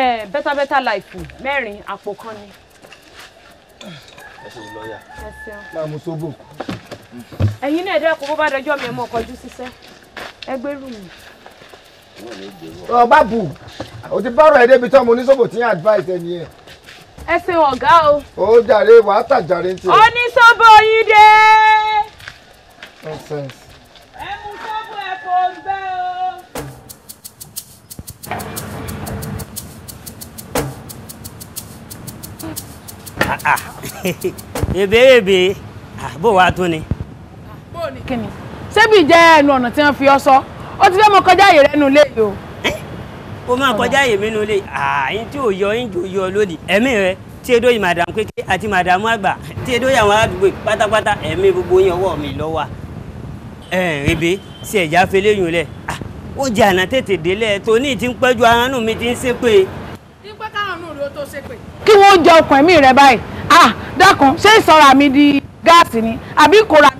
ẹ bẹ́tà bẹ́tà láìpù mẹ́rin àpò kan ni. máa mu sóbò. ẹ̀yin náà ẹ̀dá kò bó bá dọjọ́ mi ẹ̀ mọ́ ọkọ̀ ojú ṣiṣẹ́ ẹgbẹ́rún mi ọba bù o ti bá ọ̀rọ̀ ẹ débi tán mo ní sóbò tí ń advice ẹni ẹ. ẹ ṣe ọ̀gá o. ó jàre wàá tà jàre ń tiẹ̀. oníṣòbò yìí dé. nonsense. ẹ mú sóbò ẹ kò ń bẹ́ o. èbèèbè ah, ah. ah, bó wàá tún ni. bó o ní kíni ṣé bí ìjẹ́ ẹnu ọ̀nà tí wọ́n fi ọ sọ o ti fẹ́ mọ kọjá àyè rẹ nulẹ̀ yìí o. o máa kọjá àyè mi nulẹ̀ àyín tí ò yọ yín jò yọ lónìí ẹ̀mí rẹ tí edo yìí madam kéke àti madam àgbà tí edo yìí àwọn àdúgbò pátápátá ẹ̀mí gbogbo yín ọwọ́ mi lọ́wọ́ ẹ̀ rèébé sí ẹ̀já fẹlẹ́yìn lẹ̀ ó jẹ́ àná tètè délẹ̀ tó ní ti ń pẹ́jọ aránù mi ti ń ṣépè. dípẹ́ káwọn nù ló tó ṣépè. kí wọ́n jẹ ọkàn ẹ̀mí rẹ báyìí ah dákun ṣé ìsọ̀rọ̀ mi di gáàsì ni àbí kò ra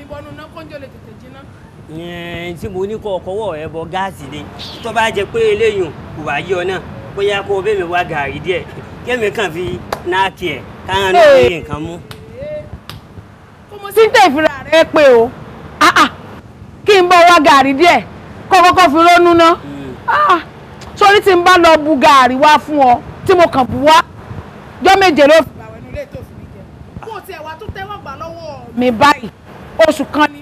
tí mo ní kọ́ ọkọ̀wọ́ ẹ bọ gáàsì ni tó bá jẹ pé eléyìí kò bá yí náà bóyá kó o bẹ́ẹ̀ mi wá gàrí díẹ̀ kémi kàn fi náàkì ẹ̀ káwọn náà lè nǹkan mú. ọmọ sí tẹ̀ ìfura rẹ pé o ah, ah. kí n bọ́ wá gàrí díẹ̀ kọ́ kọ́kọ́ fi rónú náà hmm. ah, sórí tí n bá lọ bu gàrí wá fún ọ tí mo kàn bù wá jọ́ méje ló fi. o tiẹ̀ wá tó tẹ́wọ́ gbà mi báyìí oṣù kan ni.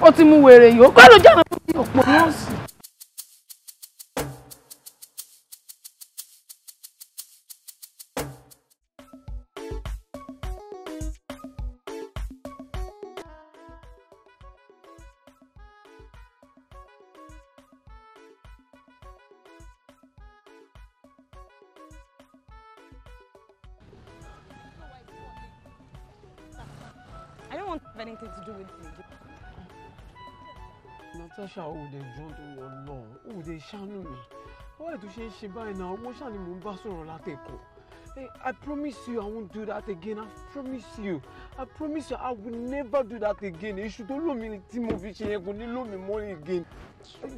ó ti mú wèrè yìí ó kọ́ ló jáwé fún mi òpó nọ́ọ̀sì. I don't want anything to do with you. Sasha ò lè jọ́ tó wọ náà ò lè ṣàánú mi wọ́n ètò ṣe ń ṣe báyìí náà owó ṣáà ni mò ń bá sọ̀rọ̀ látẹ̀kọ̀ I promise you I won't do that again I promise you I promise you I will never do that again èṣù tó lómi tí mo fi ṣe yẹn kò ní lómi mọ́ again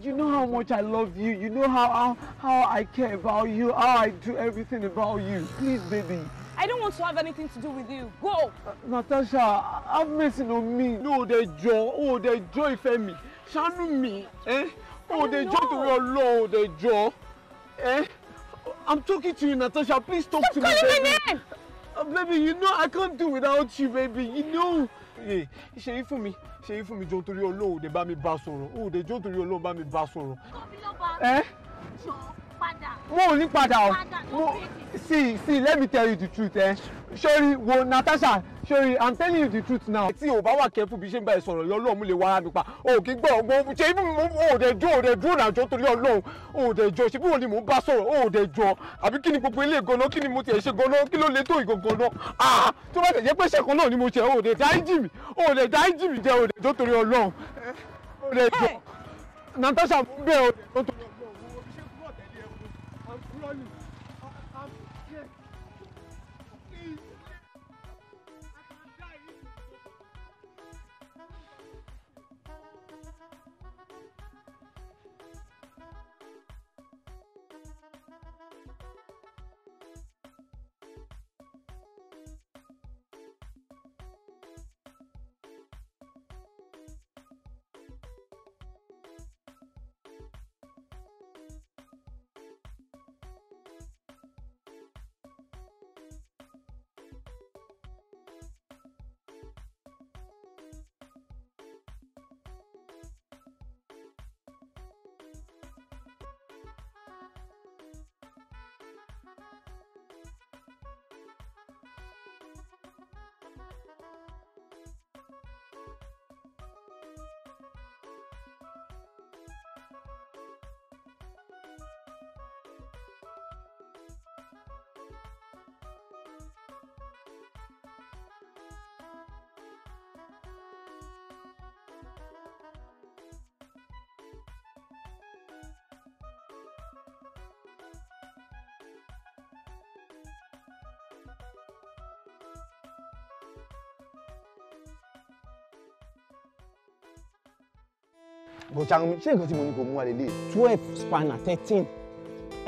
you know how much I love you you know how how, how I care about you how I do everything about you please baby. I don't want to have anything to do with you. Go! Uh, Natasha, have mercy on me. No, they jaw. Oh, they jaw ìfẹ́ mi ṣàánú mi òde jọ torí ọlọ́run òde jọ I'm talking to you Natasha please talk to me baby name, uh, baby you know I can't do without you baby you know ṣe yí fún mi ṣe yí fún mi jọ torí ọlọ́run òde bá mi bá sọ̀rọ̀ òde jọ torí ọlọ́run bá mi bá sọ̀rọ̀. kọ́mi ló bá mi jọ mo ò ní padà o mo see see let me tell you the truth eh sori wo Natasha sori i'm telling you the truth now. tí o bá wà kẹ́fù bí ṣe ń bá ẹ sọ̀rọ̀ yọ mú lè wára mi pa o kì í gbọ́ ọgbọ́n ṣe ibi mo ò dẹ̀ jó ò dẹ̀ dúró nàjọ́ torí ọlọ́run ò dẹ̀ jọ ṣe bí wọn ni mò ń bá sọ̀rọ̀ ò dẹ̀ jọ àbí kí ni gbogbo ilé gan-an kí ni mo tiẹ̀ ṣe gan-an kí ló lè tó ìgangan náà ah tó bá tẹ̀yẹ́ pé ṣẹ̀kan náà ni mo ṣe ò dẹ̀ dáríjì mi ò ò dẹ̀ jọ torí Natasha bẹ́ẹ̀ ò bọ̀chàmù ṣé nǹkan tí mo ní kò mú wa lélẹ̀ twelve spanner thirteen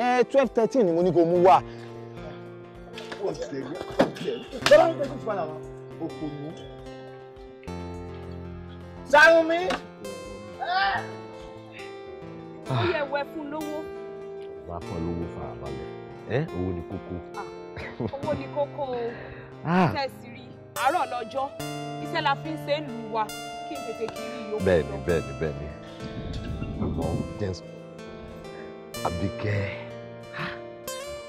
ẹ twelve thirteen ni mo ní kò mú wa. bọ́lá ń tẹ́tí spanner wa òkò mú. Sàrùnmí. ó ah. yẹ wẹ fún lówó. wà á fọ lówó farabalẹ̀ ẹ owó ni kókó. Ah, owó ni kókó o ah. tẹ̀sí rí àárọ̀ lọ́jọ́ iṣẹ́ la fi ń ṣe é lù wá kí n tètè kiri yòókù lọ. bẹ́ẹ̀ni bẹ́ẹ̀ni bẹ́ẹ̀ni àmọ́ james Àbíkẹ́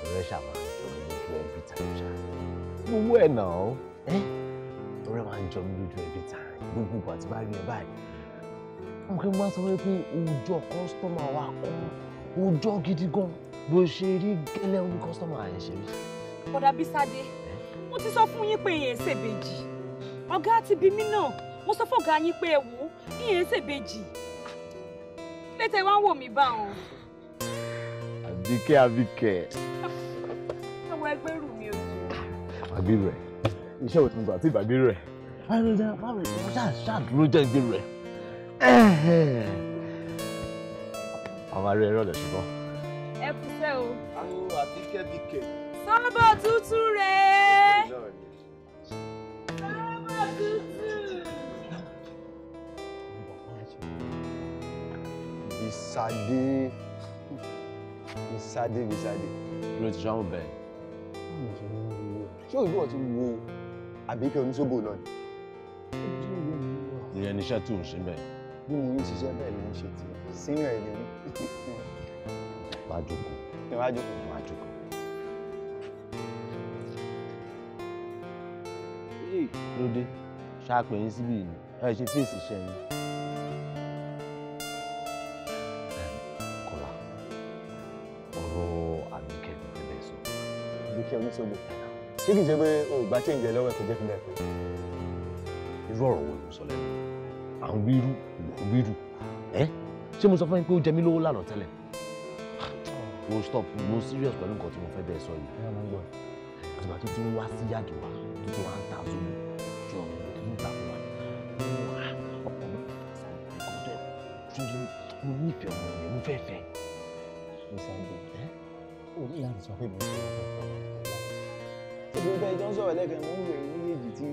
ọ̀rẹ́ ṣàmà ìjọba ojú ẹbí tàyè ṣá gbogbo ẹ nà ọ ọ̀rẹ́ máa ń jọ mí lójú ẹbí tàyè gbogbo ìgbà tí bá rí ẹ báyìí mo kí n bá sọ pé òòjọ́ kọ́sítọ́mà wa kọ́ òòjọ́ gidi gan bó ṣe rí gẹ́lẹ́ oní kọ́sítọ́mà yẹn ṣe rí. bọ̀dà Bísádé mo ti sọ fún yín pé èèyàn ṣèbejì ọ̀gá àti bímí náà mo sọ fọ́gá yín pé ewu ìyẹn ṣèbejì létẹ̀ wá ń wò mí bá wọn. àbíkẹ́ àbíkẹ́. ẹwọ ẹgbẹ́ rù mí o. àgbèrò ẹ iṣẹ́ òtún gbà tí ìbàgbèrò ẹ àìròjà báwo ni wọ́n ṣáà ṣàdúró jẹ́ ìgbèrò ẹ. àwọn ará ẹ̀rọ lẹ̀ ṣùgbọ́n. ẹ kú sẹ́ o. àwọn àbíkẹ́ bíkẹ́. sọ́nbọ̀ tuntun rèé. sọ́nbọ̀ tuntun. Ìsàdé Ìsàdé Ìsàdé. ló ti sọ́wọ́n bẹ́ẹ̀. ṣé òyìnbó ti wo àbíkẹ́ oníṣòwò náà ni. ìyẹn níṣẹ́ tó ń ṣe bẹ́ẹ̀. bí mo ń ṣiṣẹ́ bẹ́ẹ̀ ló ń ṣe tiẹ̀ sínú ẹ̀ lórí. máa jókòó. máa jókòó. máa jókòó. lóde ṣáà pè é síbí ni ẹ ṣe fèsì ṣẹ́yìn. oníṣòwò ṣé kìí ṣe pé ògbà tí ń jẹ lọ́wọ́ kò jẹ́ fi bẹ́ẹ̀ pé. irú ọ̀rọ̀ wo ló sọ lẹ́nu à ń wíru ló ń wíru ẹ́ ṣé mo sọ fún yín pé ó jẹ mí lówó lánàá tẹ́lẹ̀ mo stop mo serious pẹ̀lú nǹkan tí mo fẹ́ bẹ́ẹ̀ sọ yìí àtìgbà tó ti ń wá sí yàgì wa tó ti wá ń ta zulu ju ọ̀rọ̀ ìlú ìta fún wa ọkọ̀ mi ẹ̀kọ́ tó ṣe mo nífẹ̀ẹ́ ọmọ yẹn mo fẹ́ fẹ́. mo sáré bẹ́ẹ̀ ó ní àdìsọ́ pé mo ń sọ ọ́ gbogbo bẹ́ẹ̀ jọ ń sọ̀rọ̀ lẹ́kẹ̀ẹ́ mò ń wò ní méjèèjì tí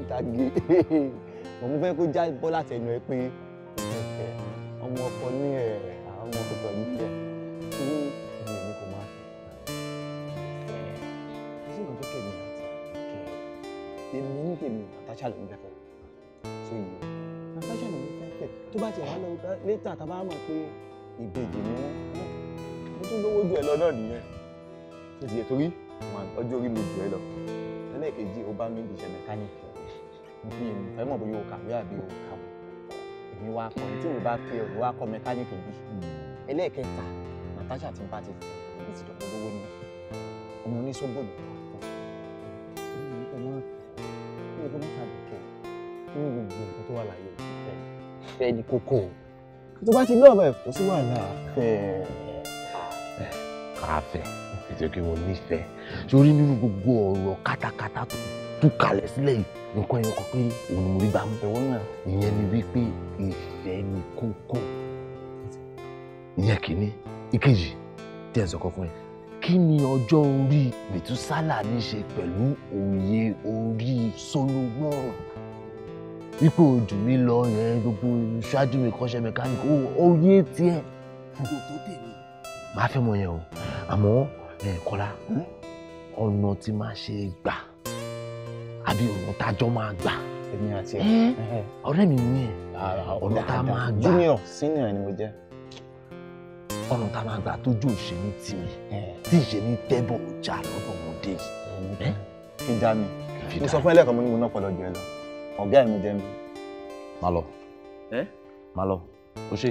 ń tagi òun fẹ́ kó já bọ́ láti ẹnu ẹ pé ọmọ ọkọ ní ẹ àwọn ọmọ ọkọ ní ẹ tí èmi èmi kò máa fẹ́ ẹ sí nǹkan tó kẹ́mi àti kẹ́ èmi ní tèmi Natasha ló ń fẹ́ fẹ́ tó yẹ Natasha ló ń fẹ́ fẹ́ tó bá ti wà lọ létà tá a bá mọ̀ pé ìbejì ni wọ́n mo tún lówó ju ẹ lọ náà nìyẹn tó ti yẹ torí ọjọ́ orí mi jù ẹ lọ ẹlẹ́ẹ̀kejì ó bá mi ń diṣẹ́ mẹkáníìkì bí mi fẹ́ mọ̀ bóyá o kàwé àbí o kàwé èmi wá kọ́ tí o bá pé o wá kọ́ mẹkáníìkì bí ẹlẹ́ẹ̀kẹta Natasha ti bá ti fi ti dọ̀pọ̀ lówó ni ọmọ oníṣògbòmù ọmọ ọmọ tàbí kẹ ní gbogbo nǹkan tó wà láyé fẹ́ fẹ́ ní kókó tó bá ti lọ́ọ̀bẹ̀ kó sí wàhálà fẹ́ káfẹ́ ètò kí wọ́n nífẹ̀ẹ́ sórí nínú gbogbo ọ̀rọ̀ kátakátá tó tú kalẹ̀ sílẹ̀ yìí nǹkan ẹ̀yọ́ kan pé òun ni mo rí bá mú ìyẹn ni wípé ìfẹ́ ni kókó ìyẹn kìíní ìkejì tí ẹ̀ sọ̀kọ́ fún ẹ kí ni ọjọ́ orí mìtúsálà ní ṣe pẹ̀lú òye orí solomon wípé ojú mi lọ yẹn gbogbo ṣáájú mi kọ́ṣẹ́ mẹkáníkì òye tiẹ̀ fún kò tó tèmi. máa fẹ́ mọ yẹn o àmọ́ ẹ kọ́lá hm? ọ̀nà tí máa ṣe gbà àbí ọ̀nà tájọ́ máa gbà èmi àti ẹ hm? ọ̀rẹ́ mi ni ẹ ọ̀nà tá a máa gbà junior senior ni mo jẹ́ ọ̀nà tá a máa gbà tójú òṣè ní tiwi hm. tí ìṣe ní tẹ́bọ̀ ọjà lọ́dọ̀ ọmọdé yìí. fi dá mi mo sọ fún ẹlẹ́kọ̀ọ́ mo ní mo náà pọ̀lọ́ jù ẹ lọ ọ̀gá ẹ̀ mi jẹ́ mi. má lọ má lọ o ṣe.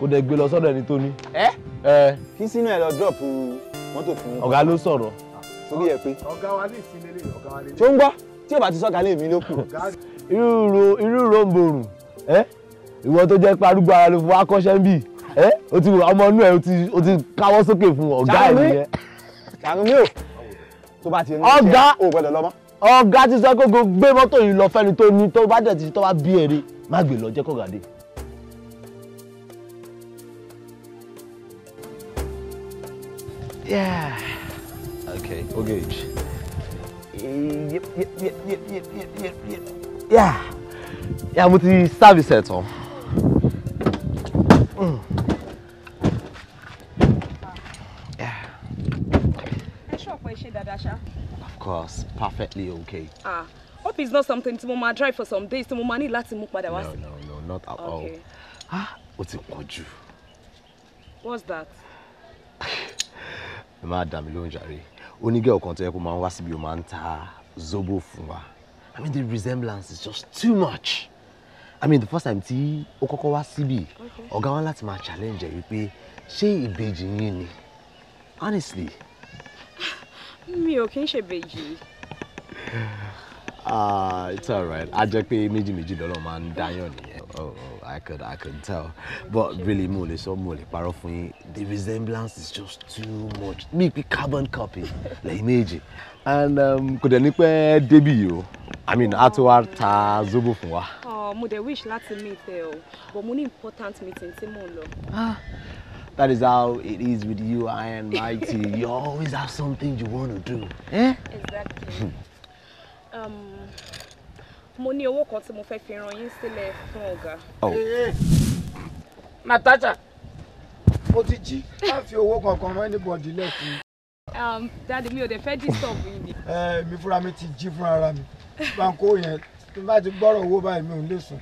kó dẹ̀ gbé lọ sọ́dọ̀ ẹni tó ní. ẹ ẹ. kí sínú ẹ lọ drop mọ́tò fún. ọ̀gá ló sọ̀rọ̀. sórí ẹ pé. ọ̀gá wa ní ìsinmi ọ̀gá wa lè. tó ń gbọ́ tí ò bá ti sọ́ka lé mi ló kù. irú irú ròǹbòrùn ẹ ìwọ tó jẹ́ parúgbó ara ló fún wa kọ́ṣẹ́ ń bì ẹ o ti ọmọ inú ẹ o ti káwọ́ sókè fún ọ̀gá ẹ nìyẹn. Sàrùmí o tó bá ti ní iṣẹ́ o gbọ́dọ̀ lọ́mọ. ọ̀gá ti sọ pé gbé mọ́tò yìí lọ fẹ́ni tó ní tó bá dẹ̀ ti tó bá bí ẹ̀rí má gbé lọ jẹ́ Yeah. Okay, all good. Yep, yep, yep, yep, yep, yep, yep, yep. Yeah. Yeah, mo ti service ẹ̀ tán. Mm. Ẹ ṣọ́ ọ̀pọ̀ iṣẹ́ dáadáa ṣá. Of course, perfectly okay. Ah, hope it's not something tí mo máa drive for some days tí mo máa ní láti mú padà wá sí. No, no, no, not at okay. all. Ah, ó ti pọ̀ jù. What's that? ẹ má dà mí lóhùn jàre onígẹ̀ tó yẹ kó máa ń wá síbi ó máa ń ta zobo fún wa i mean the resemblance is just too much i mean the first time tí ó kọ́kọ́ wá síbi ọ̀gá wa láti máa challenge ẹ̀ wípé ṣé ìbejì yín ni honestly. mi ò kí ń ṣe ìbejì. ah it's alright a jẹ́ pé méjì méjì lọ́lọ́ máa ń dáyàn nìyẹn. Oh, oh, oh. I could I could tell but really mo so sọ mo the resemblance is just too much Maybe carbon copy lẹ́yìn méjì and um, kò dẹ̀ ní pẹ́ débì I mean a ti wá ta zobo fún wa. Oh, mo dey wish láti meet ẹ but mo ní important meeting Simulo. Ah, That is how it is with you, Iron Mighty. you always have something you want to do. Eh? Exactly. um, mo ní owó kan tí mo fẹ́ fi ran yín sílẹ̀ fún ọ̀gá. Oh. Natasha mo ti jí má fi owó kankan rán anybody lẹ́kùn. Um, dadi mi ò dé fẹ́ disturb yín ni. ẹ mi fúnra mi ti jí fúnra ara mi banko yẹn tí bá ti gbọ́rọ̀ owó báyìí mi ò lè sùn.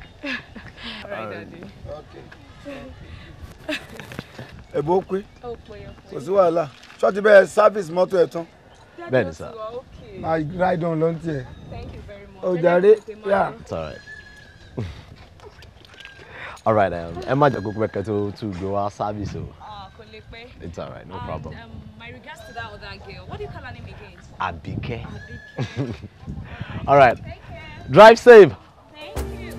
ẹ̀bùn ó pé kò sí wàhálà ṣọ́ọ̀tì bẹ́ẹ̀ service mọ́tò ẹ̀ tán. bẹ́ẹ̀ ni sá. máa ride on lọ́ntì ẹ̀. thank you very much. Oh, daddy. yeah. it's all right all right ẹ má jẹ́ kókó to tó tún gbé service o. Ah, it's all right no and, problem. Um, my regards to that other girl what do you call her name again. Abike. Abike. all right drive safe. Thank you.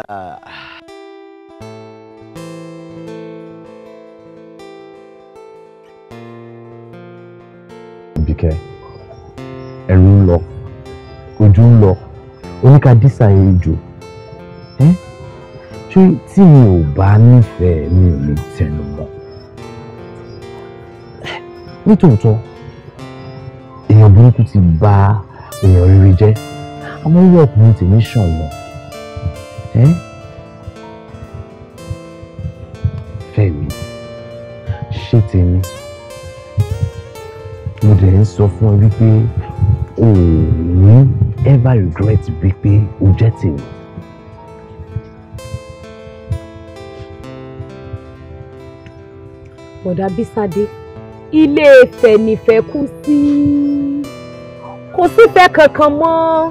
uh, Àbíkẹ́ ẹ̀rù ń lọ ojú ń lọ oníka dísà ejò ṣé tí mi ò bá nífẹ̀ẹ́ mi ò lè tẹnu mọ́ nítòótọ́ èèyàn burúkú ti bà èèyàn rere jẹ́ àmọ́ irú ọkùnrin tèmi ṣàn wọ́n Fẹ́mi ṣé tèmi mo dẹ̀ ń sọ fún ẹ wípé o ò ní ever regret wípé o jẹ́ tèmi. bọ̀dá bísádé ilé Ifẹ̀ nìfẹ́ kú sí kò sífẹ́ kankan mọ́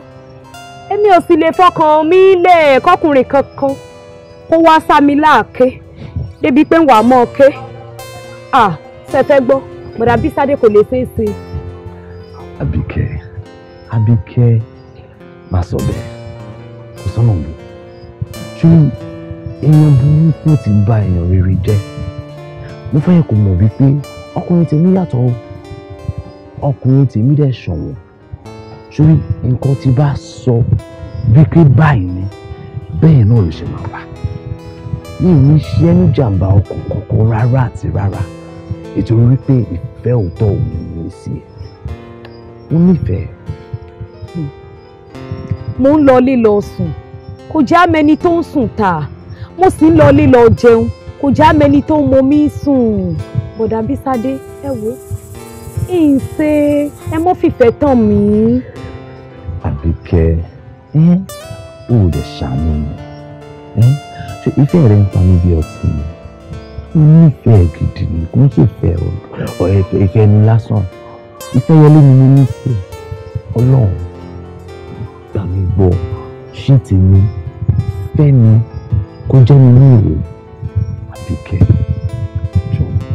èmi ò sì lè fọkàn mi lẹ̀ kọkùnrin kankan kó wá sá mi láàké débi pé ń wà mọ́ ọ ké à ṣe gbọ́ bọ̀dà bísádé kò lè ṣeé ṣe. Abíkẹ́ Abíkẹ́ máa sọ bẹ́ẹ̀ kò sọ́nà lò ṣé èèyàn burúkú ti bà èèyàn rere jẹ́ mo fẹ́ kó mọ̀ wípé ọkùnrin tèmi yàtọ̀ ọkùnrin tèmi dẹ̀ ṣọ̀wọ́n sórí nǹkan tí bá sọ wípé báyìí ni bẹ́ẹ̀ náà ló ṣe máa wà ní ìrísí ẹni jàǹbá ọkọ̀ kọ̀ọ̀kan rárá àti rárá nítorí wípé ìfẹ́ òótọ́ òun ni mi sí ẹ mo nífẹ̀ẹ́. mo ń lọ lílọ sùn kò já mẹni tó ń sùn tà mo sì ń lọ lílọ jẹun kò já mẹni tó ń mọmí sùn bọ̀dà bísádé ẹ wò ìǹṣe ẹ mọ́ fìfẹ́ tàn mí. àbíkẹ́ ó lè ṣàánú mi ṣe ìfẹ́ rẹ̀ ń pa mí ọtí mi tó nífẹ̀ẹ́ gidi ni kò ń ṣèfẹ́ ọ̀ẹ́fẹ́ ìfẹ́ ni lásán ìfẹ́yẹlé ni mo nífẹ̀ẹ́ ọlọ́run gbà mí gbọ́ ṣí tèmi fẹ́ mi kó jẹ́ mi ní ìwé àbíkẹ́ jọ mo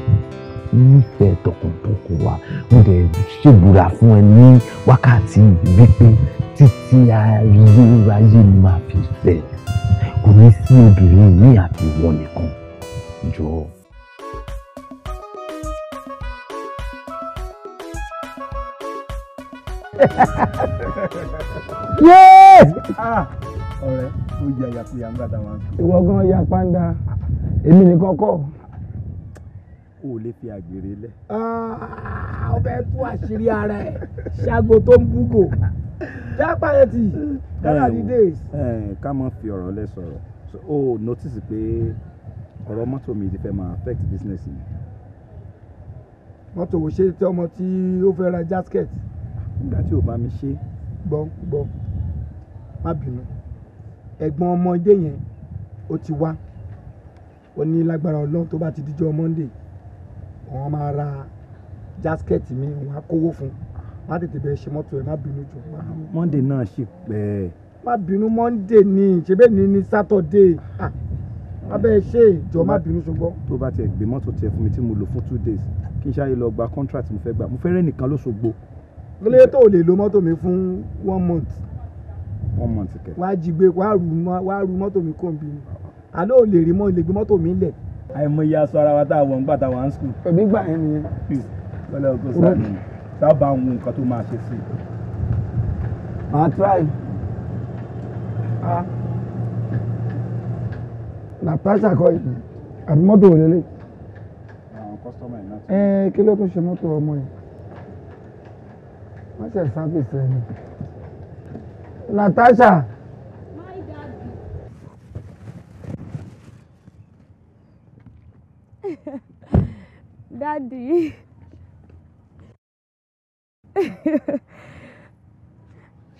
nífẹ̀ẹ́ tọkàntọkàn wa mo dẹ̀ ṣèbúra fún ẹ ní wákàtí wípé títí ayérayé ni màá fi fẹ́ kò ní sí obìnrin ní àfiwọ́ nìkan jọ. Yes! Ah, ọ̀rẹ́ ó jẹ yakuya ń gbàdá wọn. ìwọ gan ya panda èmi nìkan kọ́. o ò lè fi àgbèrè lẹ. Ah, ó fẹ́ tú àṣírí ara ẹ̀ ṣàgò tó ń búgò jápa yẹn ti dára ní days. ká mọ̀ fi ọ̀rọ̀ lẹ sọ̀rọ̀ o notice pé ọ̀rọ̀ mọ́tò mi ti fẹ́ máa affect business mi. mọ́tò wo ṣe tí ọmọ tí ó fẹ́ ra jasket nígbà tí ò bá mi ṣe gbọ́ gbọ́ má bínú ẹ̀gbọ́n ọmọdé yẹn ó ti wá ó ní lágbára ọlọ́run tó bá ti díjọ́ monday wọ́n máa ra jásikẹ́ẹ̀tì mi wọ́n á kówó fún má tètè bẹ́ẹ̀ ṣe mọ́tò ẹ̀ má bínú jù. monday náà ṣì pẹ́ ẹ́. má bínú monday ni ṣebí ni ni saturday abẹ́ ṣe ìjọ má bínú ṣùgbọ́n. tó bá tiẹ̀ gbé mọ́tò tiẹ̀ fún mi tí mo lò fún two days kí n ṣáà yẹ lọ gba contract mo fẹ́ gbà mo fẹ́ rẹ́ nìkan lóṣogbo kílé tó lè lo mọ́tò mi fún one month one month kẹ wàá jí wàá ru mọ́tò mi kò bí mi àlọ́ ò lè rí mọ́ gbé mọ́tò mi lẹ̀. wa tá a wọ̀ ń gbà tá a wà ń sùkúl. òbí gbà yẹn nìyẹn. wọ́n lọ kó sábà try. Ah. natasha kọ àbí mọ́tò wò lélẹ̀. àwọn kọ́sítọ́mù ẹ̀ náà. ẹ eh, kí ọmọ yìí. wọ́n ṣe sábìsì ẹni Natasha. Daddy.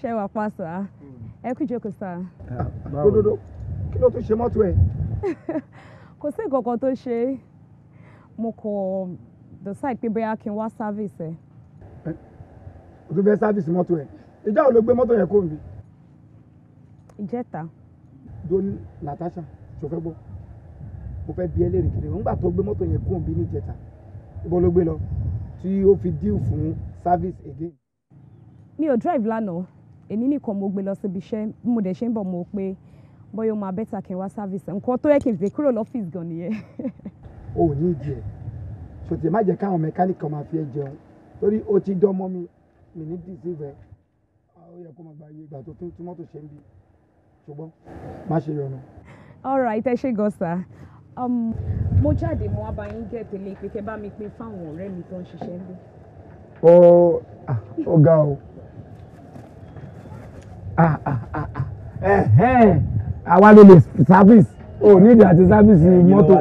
ṣe wà pa sá ẹ kú ìjókòó sá. dododo kí ló tún ṣe mọ́tò ẹ̀. kò sí nǹkan kan tó ṣe mo kò decide pé bóyá kí n wá service ẹ o tún fẹ́ sáfìsì mọ́tò ẹ̀ ìjọ wo ló gbé mọ́tò yẹn kó mi. ìjẹta. doni Natasha ṣò fẹ́ mo fẹ́ bi ẹ́ léèrè kiri nígbà tó gbé mọ́tò yẹn kó mi ní ìjẹta ibo ló gbé lọ tí ó fi díù fún service again. mi ò drive lánàá èmi nìkan mo gbé lọ síbi iṣẹ́ bí mo dẹ̀ ṣe ń bọ̀ mo pé bóyá ó máa bẹ́tà kí n wá service nǹkan tó yẹ kí n fi kúrò lọ́fíìsì gan nìyẹn. o ò ní ìdí ẹ ṣòtì má jẹ́ káwọn mẹkáníkì kan máa fi ẹ jẹun torí o ti dán mọ́ mi mi ní dìsíìfẹ ah, ó yẹ kó máa gba iye ìgbà tó tí mọ́tò ṣe ń bi ṣùgbọ́n má ṣe yọnu. alright ẹ ṣe gan sir um, mo jáde mo wá bá yín gẹ̀ tẹ̀lé pé kẹ́ bá mi pín fáwọn ọ̀rẹ́ mi tó ń ṣiṣẹ́ ń bí. ó ah, ó ga o ah, àwa ló lè service ò nídìí àti service eh, mọ́tò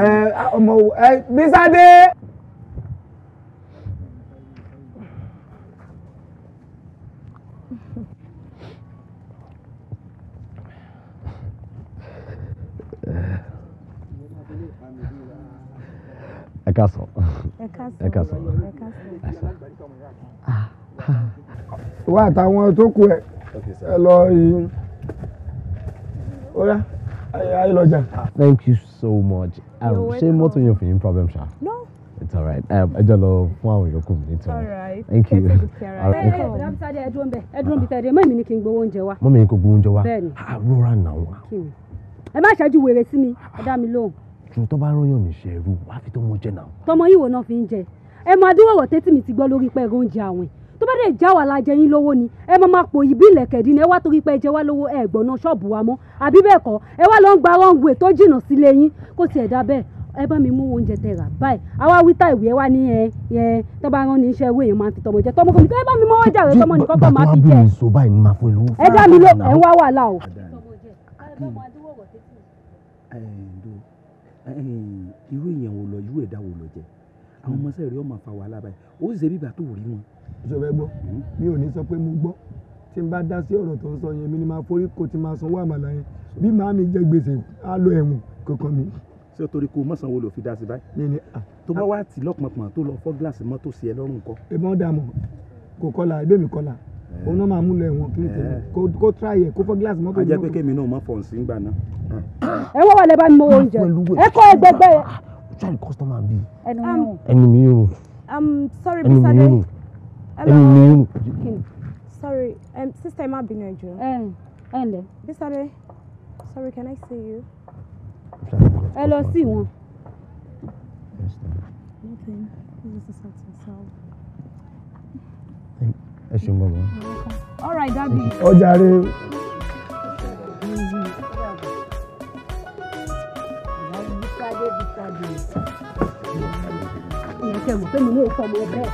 eh, ọmọ ẹ eh, bísádé. ẹ ká sọ. ẹ ká sọ. wá àtàwọn tó kù ẹ ẹ lọ yìí ó yá thank you so much um, ṣé mọ́tò yẹn fún yín problem ṣá. no it's all right um, ẹ jọ lọ fún àwọn yòókù mi nítorí thank you. ẹ ẹ ramsade ẹ dúró ń bẹ ẹ dúró ń bí tẹ̀lé mọ́ mi ni kí n gbowó oúnjẹ wa. mọ́ mi ni kí n gbowó oúnjẹ wa. bẹ́ẹ̀ni àrùn ah, ra nà wá. ẹ má ṣáájú wèrè jù tó bá rọyàn níṣẹ́ ẹrú wá fi tó mọ jẹ náà. tọmọ yìí wo náà fi ń jẹ ẹ máa dúró ọ̀rọ̀ tẹ́tí mi ti gbọ́ lórí pẹ́ oúnjẹ àwìn tó bá dẹ̀ já wà lájẹ yín lówó ni ẹ máa máa pò ìbí ìlẹ̀kẹ̀dín ni ẹ wá torí pé ẹ jẹ wá lówó ẹ gbọ́ná ṣọ́ọ̀bù wa mọ́ àbí bẹ́ẹ̀ kọ́ ẹ wá lọ ń gba wrong way tó jìnnà sílé yín kó tiẹ̀ dá bẹ́ẹ̀ ẹ bá mi mú oúnjẹ tẹ rà báyìí àwa wíta ìwé ẹ wá ní ẹ ẹ tó bá rán ní iṣẹ́ owó èèyàn máa fi tọmọ jẹ tọmọ kọ́mọ ẹ bá mi mọ́wọ́ jà rẹ tọmọ nìkan kan máa fi jẹ ẹ dá mi ló ẹ wá wàhálà o irú èèyàn wo lọ irú ẹ̀dá wo lọ jẹ àwọn ọmọ sẹ́ẹ̀rì ọmọ fa wàhálà báyìí ó sì ṣe bí ìgbà tó rí wọn. ìṣòro ẹ gbọ́ hmm. mi ò ní sọ pé mo gbọ́ tí n bá dá sí ọ̀rọ̀ tó ń sọ yẹn mi ni máa forí ko ti máa sanwó àmàlà yẹn bí màá mi jẹ gbèsè á lọ ẹ̀wọ̀n kankan mi. ṣé o torí ko mọ̀sánwó ló fi dá sí báyìí. mi ni a. tó bá wá tì lọ́pọ̀npọ̀n tó lọ fọ́ gíláàsì mọ́tò sí ẹ lọ́rùn kọ́. èmi ọ̀ dà mọ̀ kò kọ́la Eh. òun náà máa múlẹ̀ wọn kí lè tẹ̀lé eh. kó tíráyè kó fọ́ gíláàsì mọ́tò. a pé kémi náà mọ̀ fọ̀n sí gbà náà. ẹ wọ́n wà lẹ́ bá mi mọ ah, oúnjẹ ẹ kọ́ ẹgbẹgbẹ́. Ah, ah, ṣáà ní kọ́sítọ́mà ẹnu mi yóò. Um, I'm sorry Bisade. ẹnu mi yóò. sorry um, sista ẹ má bínú ẹ jọ̀ọ́. ẹ ẹ ǹlẹ́. Bisade sorry can I see you. ẹ lọ sí wọn. Nothing ẹ ṣeun bàbá. all right daddy. ọjà rẹ. ìyẹn kẹ́ mọ̀ pé mi ní ìfọ̀mọ́ bẹ́ẹ̀.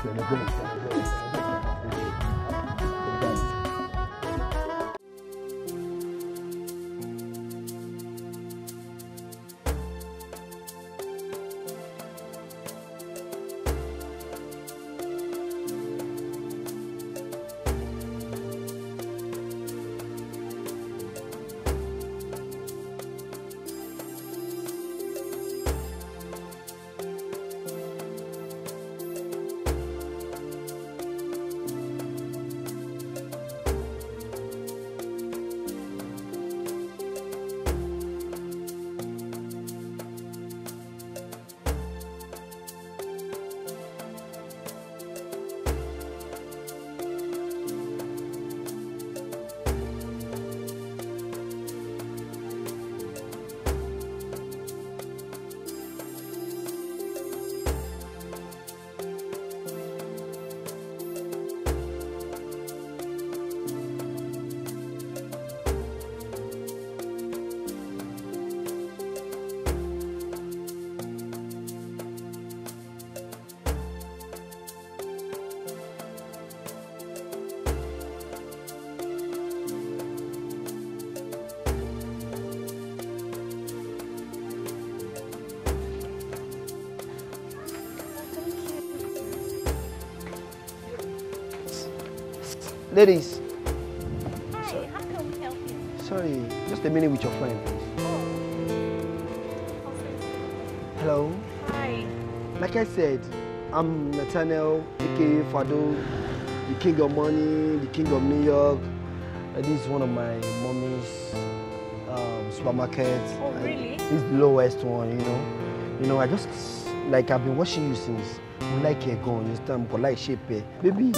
Ladies. Hi, sorry. how can we help you? Sorry, just a minute with your friend, oh. Hello. Hi. Like I said, I'm Nathaniel, aka Fado, the king of money, the king of New York. Uh, this is one of my mommy's um, supermarkets. Oh, really? It's the lowest one, you know. You know, I just, like, I've been watching you since. like your gun, you understand? But like shape, baby.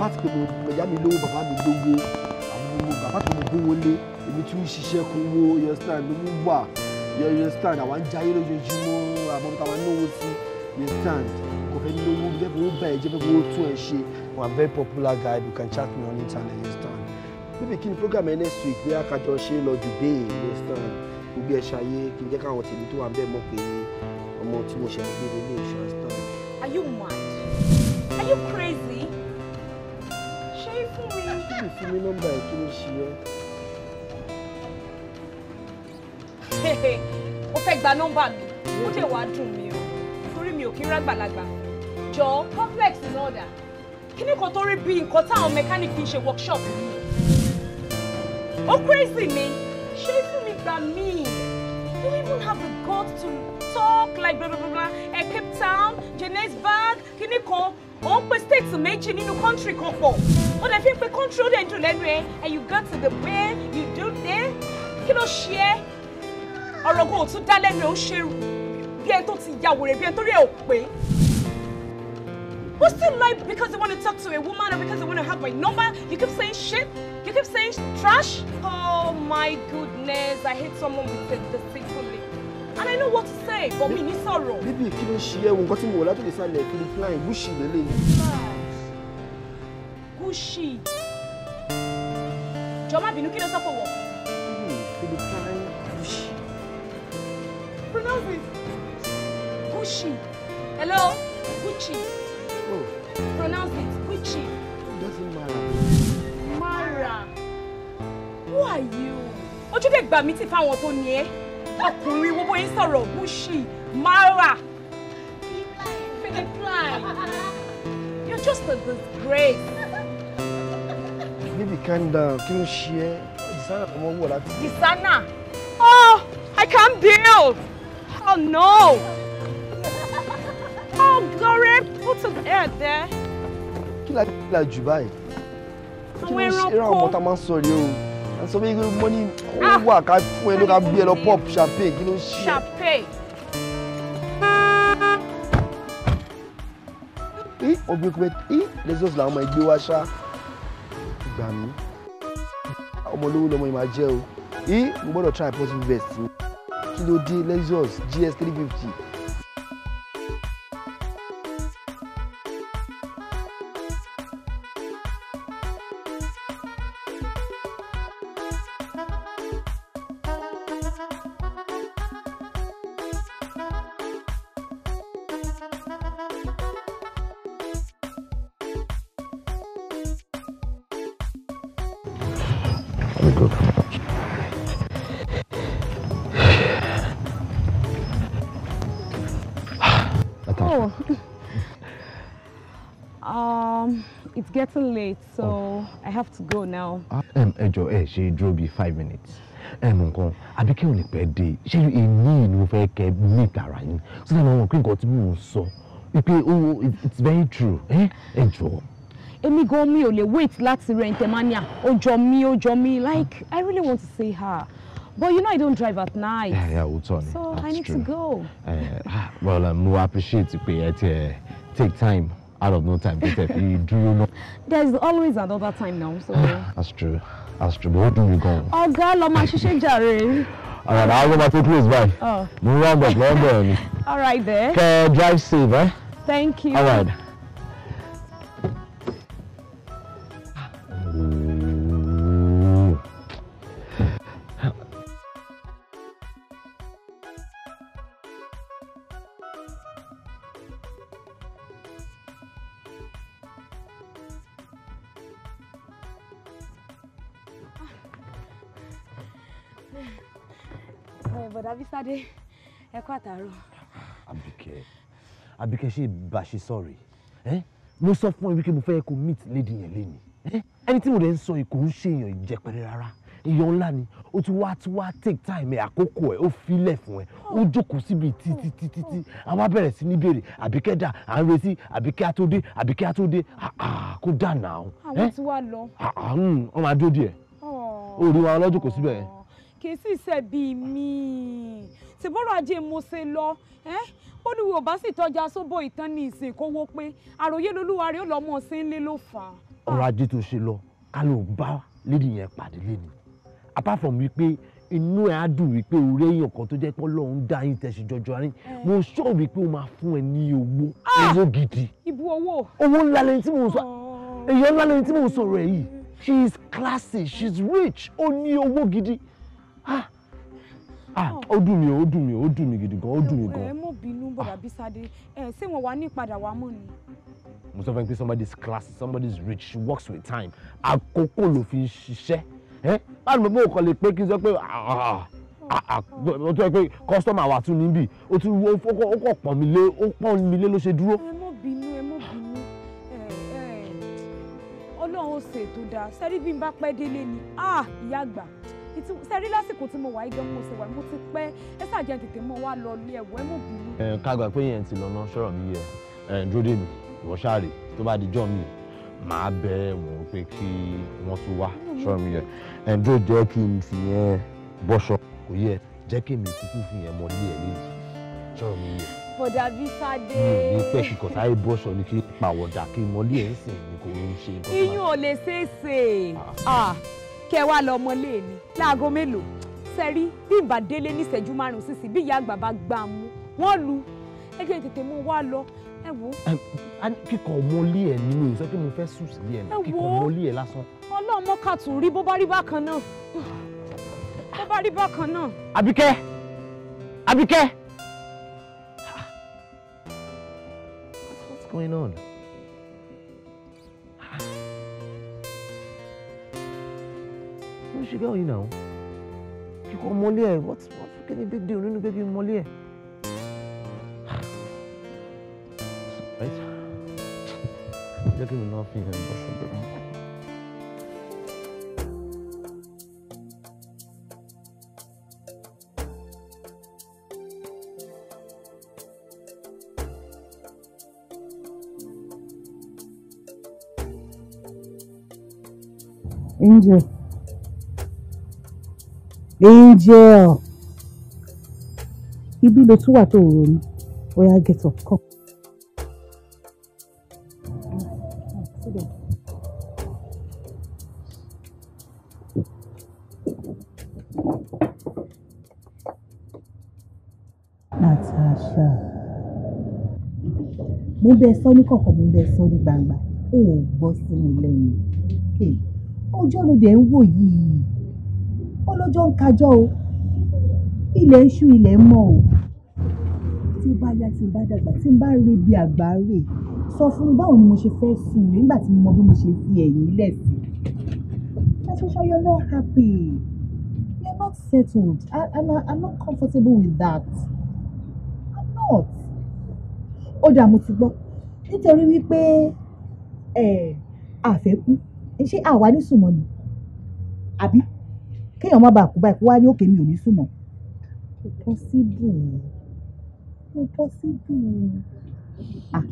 bàbá tí pèmí pẹ̀já mi lówó bàbá mi lówó bàbá tó mi gbówó lé èmi tún ṣiṣẹ́ kó wó yẹn stand ló ń wà yẹn stand àwa ń jayé lójoojúmọ́ àmọ́ táwa náwó sí yẹn stand kò fẹ́ lówó fẹ́ fowó bá ẹ jẹ́ fẹ́ tún ẹ ṣe I'm a very popular guy you can chat me on internet yẹn stand bíbí kí ni program ẹ next week bí akájọ ṣe lọ dùbẹ́ yẹn stand gbogbo ẹ ṣayé kí n jẹ́ káwọn tèmi tó wà ń mọ̀ pé ọmọ tí mo ṣe ń gbé ìṣọ́ stand. Are you mad? Are you crazy? kí lè fún mi nọ́mbà ẹ̀ kí ló ṣe ẹ́. ó fẹ́ gba you mi ó lè wá dùn mí o torí mi ò kí ń rágbàlagbà complex in order kíní kan tó rí bí nǹkan táwọn mẹkáníìkì ń ṣe workshop Oh crazy me, ṣé fún mi gbà you even have the guts to talk like blah blah blah, blah. Cape Town Johannesburg you kan ó ń to state méjì nínú country kan but if lè fi ń pe country ó lè and you go to the way you do there kí ló ṣe ẹ́ ọ̀rọ̀ kan ò tún dá lẹ́nu ẹ̀ ó ṣe bí ẹni tó ti ya What's the life because you want to talk to a woman or because you want to have my number? You keep saying shit? You keep saying trash? Oh my goodness, I hate someone with the, the sinful and I know what to say but mi ní sọ̀rọ̀. bíbí kí ló ń ṣe ẹwọ nǹkan tí mo wọ̀ látòkè sálẹ̀ flying gúúsì lélẹ̀ yìí. gúúsì jọ̀ọ́ má bínú kí ló sọ pé wọ̀. flying gúúsì. pronounce it gúúsì hello Gucci oh. pronounce it Gucci. it doesn't matter. Mara who are you ojú dẹ̀ gbà mí ti fáwọn tó ní ẹ́ ọkùnrin wo bóyá sọ̀rọ̀ bushi mara philippine you're just a disgrace. baby calm down kí ló ṣe ẹ́ disana kò mọ owó láti. disana oh i can't deal. oh no oh glory put his air there. kí la jù báyìí kí ló ṣe é ra ọmọ tá a máa ń sọ rèé o ẹ sọ pé mọ́nì ó wà ká fún ẹ ló ká gbé ẹ lọ pop champagne kí ló ń champagne. ẹ ọgbẹ́ kúbẹ́ ẹ lẹ́sọ̀sì làwọn ọmọ ẹgbẹ́ wa ṣá gbà mí ọmọ olówó lọmọ yìí máa jẹ́ o ẹ mo gbọ́dọ̀ try positive vest kí ló dé lexus gs three it's getting late so oh. I have to go now. Ah, ẹ jọ ẹ ṣe dúró bíi five minutes ẹnu nǹkan I became ní pẹ́ day. She èyí ni mo fẹ́ a ní ìtara yín sí ẹnu àwọn òkè nǹkan so. oh it's very true eh? jọ. èmi gan mi ò lè wait láti rẹ ntẹ̀mánìà ah, ó jọ mi ó jọ mi like I really want to see her. But you know I don't drive at night. Eh, yeah, yeah, we'll turn. So That's I need true. to go. Uh, well, um, we appreciate it, but uh, take time out of no time peter fi dúró náà. there always another time now. So. Ah, that's true that's true but what ó dùn mí gan. ọ̀gá lọ máa ṣiṣẹ́ jàre. alright go back to close by. Oh. mo round up lọ́gbọ̀n ni. alright there. Okay, drive safe. Eh? thank you. alright. bọ̀dá bísádé ẹ kú àtàárọ̀. Àbíkẹ́ Àbíkẹ́ ṣe bá ṣe sọ̀rọ̀ ẹ́ mo sọ fún ẹ wípé mo fẹ́ kó meet lady yẹn lẹ́nu ẹni tí mo lè ń sọ ikò ń ṣe èèyàn ìjẹpẹrẹ rárá èèyàn ńlá ni ó ti wá ti wá take time ẹ àkókò ẹ ó filẹ̀ fún ẹ ó jókòó síbi títí títí tí àwa bẹ̀rẹ̀ sí ní béèrè Àbíkẹ́ dà à ń retí Àbíkẹ́ á tó dé Àbíkẹ́ á tó dé kó dà náà. àwọn tí wàá lọ. àwọn hmm, máa díẹ̀ orí wa lọ́jọ́ kò síbẹ̀ yẹn kì í sì ṣẹ̀bi mi ṣèbọ̀rọ̀ ajé mo ṣe lọ ó ní wò bá sì tọ́jà sóbò ìtàn ní ìsìn kó wó pé àròyé lolúwa rẹ̀ ó lọ́mọ sí ń lé ló fà á. ọ̀rọ̀ ajé tó ṣe lọ ká ló bá lédi yẹn pàdé léni apart from wípé inú ẹ̀ á dùn wípé orí èèyàn kan tó jẹ́ pé Ọlọ́run dá yín tẹ̀sí jọjọ arín mo sọ wípé o máa fún ẹ ní owó ah! owó gidi. ibu owó. owó ńlá lẹni tí mò ń sọ oh. èèyàn ńlá lẹni tí mò ń sọ̀rọ̀ yìí she is classy she is rich O ní owó gidi Ah, ah ó dùn mí ó dùn mí ó dùn mí gidi gan ó dùn mí gan. ẹ mọ bínú bọ̀dà ah. Bísádé ẹ ṣé wọn wà ní ìpadà wà mọ́ ni. mo sọ fẹ́ pé somebody is classy somebody is rich she works with time àkókò ló fi ń ṣiṣẹ́ ẹ báwo ni mo kàn lè pé kí n sọ pé ah, o tún yẹ pé kọ́sítọ́mà wa tún níbí o tún ó kọ̀ pọ̀ mí lé ó pọ̀ mí lé ló ṣe dúró. ẹ mọ bínú ẹ mọ bínú Ọlọ́run ó ṣètò dáa sẹ́rí bí n bá pẹ́ délé ni ìyá àgbà ibi tí ṣe rí lásìkò tí mo wà igẹ mo ṣe wà mo ti pẹ́ ẹ ṣàjẹ́ tètè mo wá lọ ilé ẹ̀wọ̀ ẹ mọ̀ bínú. ẹ ká gbà pé yẹn ti lọ ná sọ̀rọ̀ mi yẹ ẹ dúró dè mí ìwọ ṣáàrè tó bá di jọ́ mi màá bẹ wọn pé kí wọ́n tún wá sọ̀rọ̀ mi yẹ ẹ dúró jẹ́ kí n fi yẹn bọ́ṣọ kò yẹ jẹ́ kí mi kúkú fi yẹn mọ ní ẹ̀ sọ̀rọ̀ mi yẹ bọ̀dà bí sáde. mi ò pẹ́ kíkọ̀ táyé bọ́ṣọ ni kí pàwọ̀dà kí n ẹ̀ ń sìn ní kò ń ṣe. iyún ò lè ṣeé ṣe kẹ́ wá lọ ọmọlé mi láago mélòó sẹ́rí bí ìbá délé ní ìṣẹ́jú márùn-ún sísì bí ìyá àgbà bá gbà mú wọ́n lu ẹ jẹ́ tètè mú wá lọ ẹ wò. kíkọ ọmọlé ẹ nínú ìṣe kí mo fẹ́ sùn sílé ẹ kíkọ ọmọlé ẹ lásán. ọlọ́mọ ká rí bó bá rí bákan náà bó bá rí bákan náà. Àbíkẹ́ Àbíkẹ́ what's going on. you know. You call molly. What's what fucking you big deal? No baby Moliere. Right? Look molly. me not Angel. angel ibi ló tún wà tó ń ronú oya get up come. Natasha mo bẹ sọ ní kọ̀kọ̀ mo bẹ sọ ní gbangba ó gbọ́ sí mi lẹ́nu ọjọ́ ló dé ń wò yìí ó lọ́jọ́ ń kájọ́ o ilẹ̀ ń ṣú ilẹ̀ ń mọ́ o tí ó bá yá tí n bá dàgbà tí n bá rí bí àgbà rè sọ fún mi báwo ni mo ṣe fẹ́ sùn nígbà tí mo mọ bí mo ṣe fi ẹ̀yìn lẹ̀ sí ṣaṣaṣa you're not happy you're not settled I, I'm, I'm not comfortable with that I'm not ó dà mo ti gbọ́ nítorí wípé àfẹ́kù ṣé àwa ní sùnmọ́ ni àbí kéèyàn má bàa kú báyìí kó wá ní òkè mi ò ní sùn mọ́ kò pọ́síbù kò pọ́síbù ah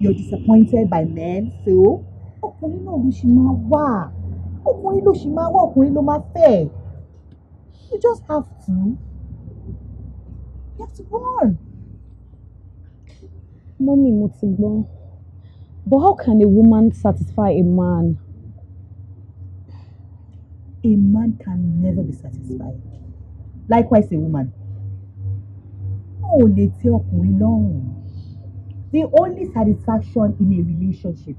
you're disappointed by men so ọkùnrin náà ló ṣì máa wà ọkùnrin ló ṣì máa wà ọkùnrin ló máa fẹ́ you just have to you have to run. mọ́mí mo ti gbọ́ but how can a woman satisfy a man? A man can never be satisfied. Likewise, a woman. O ò lè tẹ́ ọkùnrin lọ́rùn. The only satisfaction in a relationship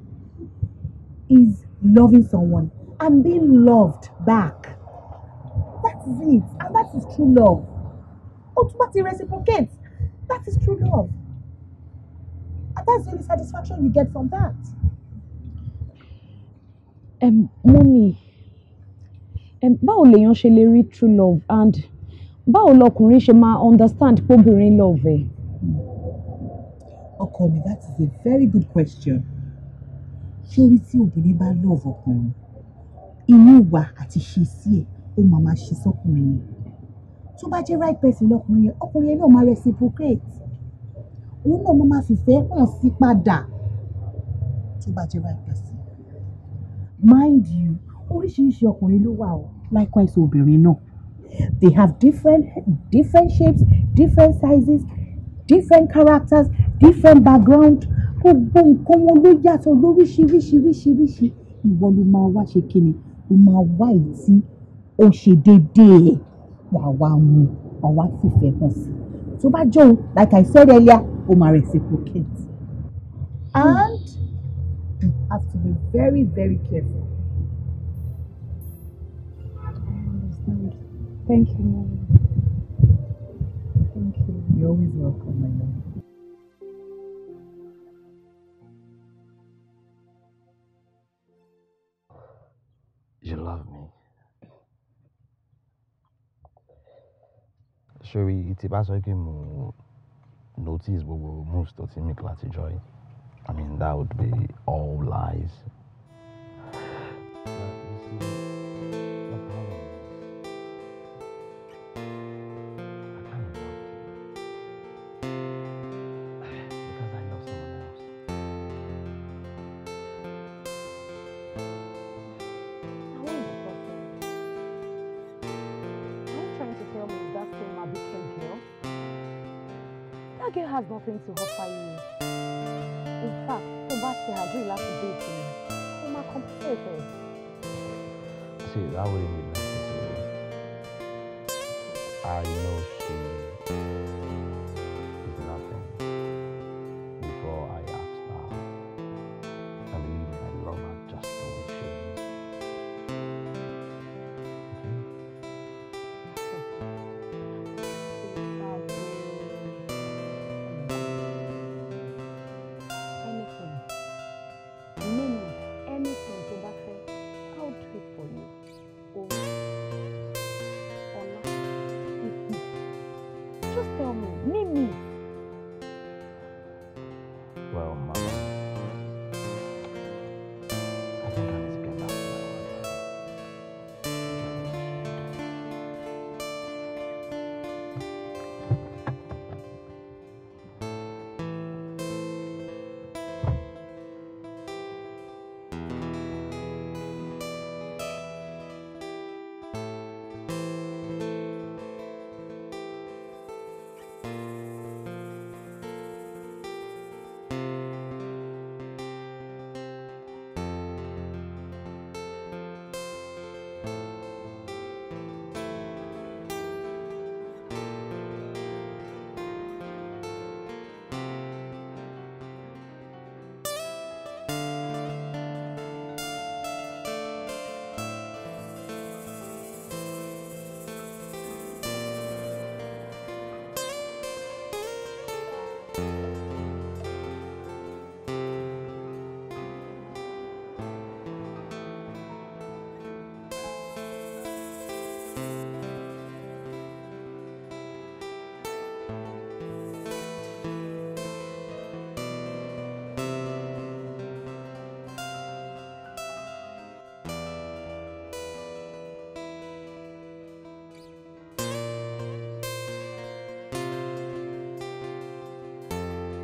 is loving someone and being loved back. That is it, and that is true love. Automatic reciprocate. That is true love. And that's the only satisfaction you get from that. Um, mommy, báwo lèèyàn ṣe lè rí true love and báwo lọkùnrin ṣe máa understand póbìnrin love ẹ̀. ọkọ mi that is a very good question ṣórí tí obìnrin bá love ọkùnrin inú ìwà àti ṣe sí ẹ̀ ó máa máa ṣe sọ́kùnrin yẹn tó bá jẹ́ right person lọkùnrin yẹn ọkùnrin yẹn náà máa reciprocate òun náà máa máa fìfẹ́ hàn sí padà tó bá jẹ́ right person mind you oríṣiríṣi ọkùnrin ló wà o likewise obìnrin náà they have different different shapes different sizes different characters different background gbogbo nǹkan wọn ló yàtọ̀ lóríṣiríṣiríṣiríṣi ìwọ ló máa wá ṣe kíni ló máa wá èyí tí ó ṣe déédéé wàá wá mu ọ̀wá sì fẹ́ bọ̀ sí tó bá jọ o like I said earlier o máa reciprocate and you have to be very very careful Thank you, Mary. Thank you. You're always welcome, my love. You love me. Sure, it's bá sọ I can notice but we tó ti make látijọ́ joy. I mean that would be all lies. girl has nothing to offer you. In fact, tó bá ti agree láti dé ìsinmi, ó máa compensate See, that wouldn't be necessary. I know she.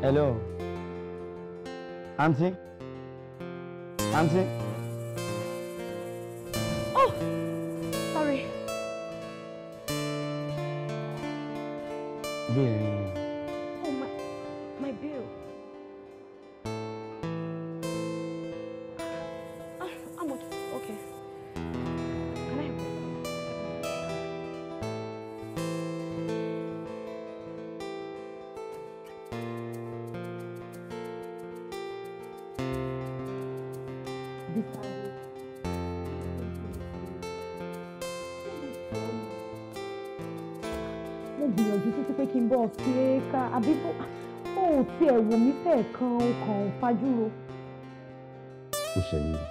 Hello. Ancy Ancy Oh, sorry. Bill. Oh, my, my bill. gbìyànjú títí pé kí n bọ́ sí ká àbí bó ò tiẹ̀ wò mí fẹ́ẹ̀ kan ọkàn fajúro. ó ṣẹlẹ̀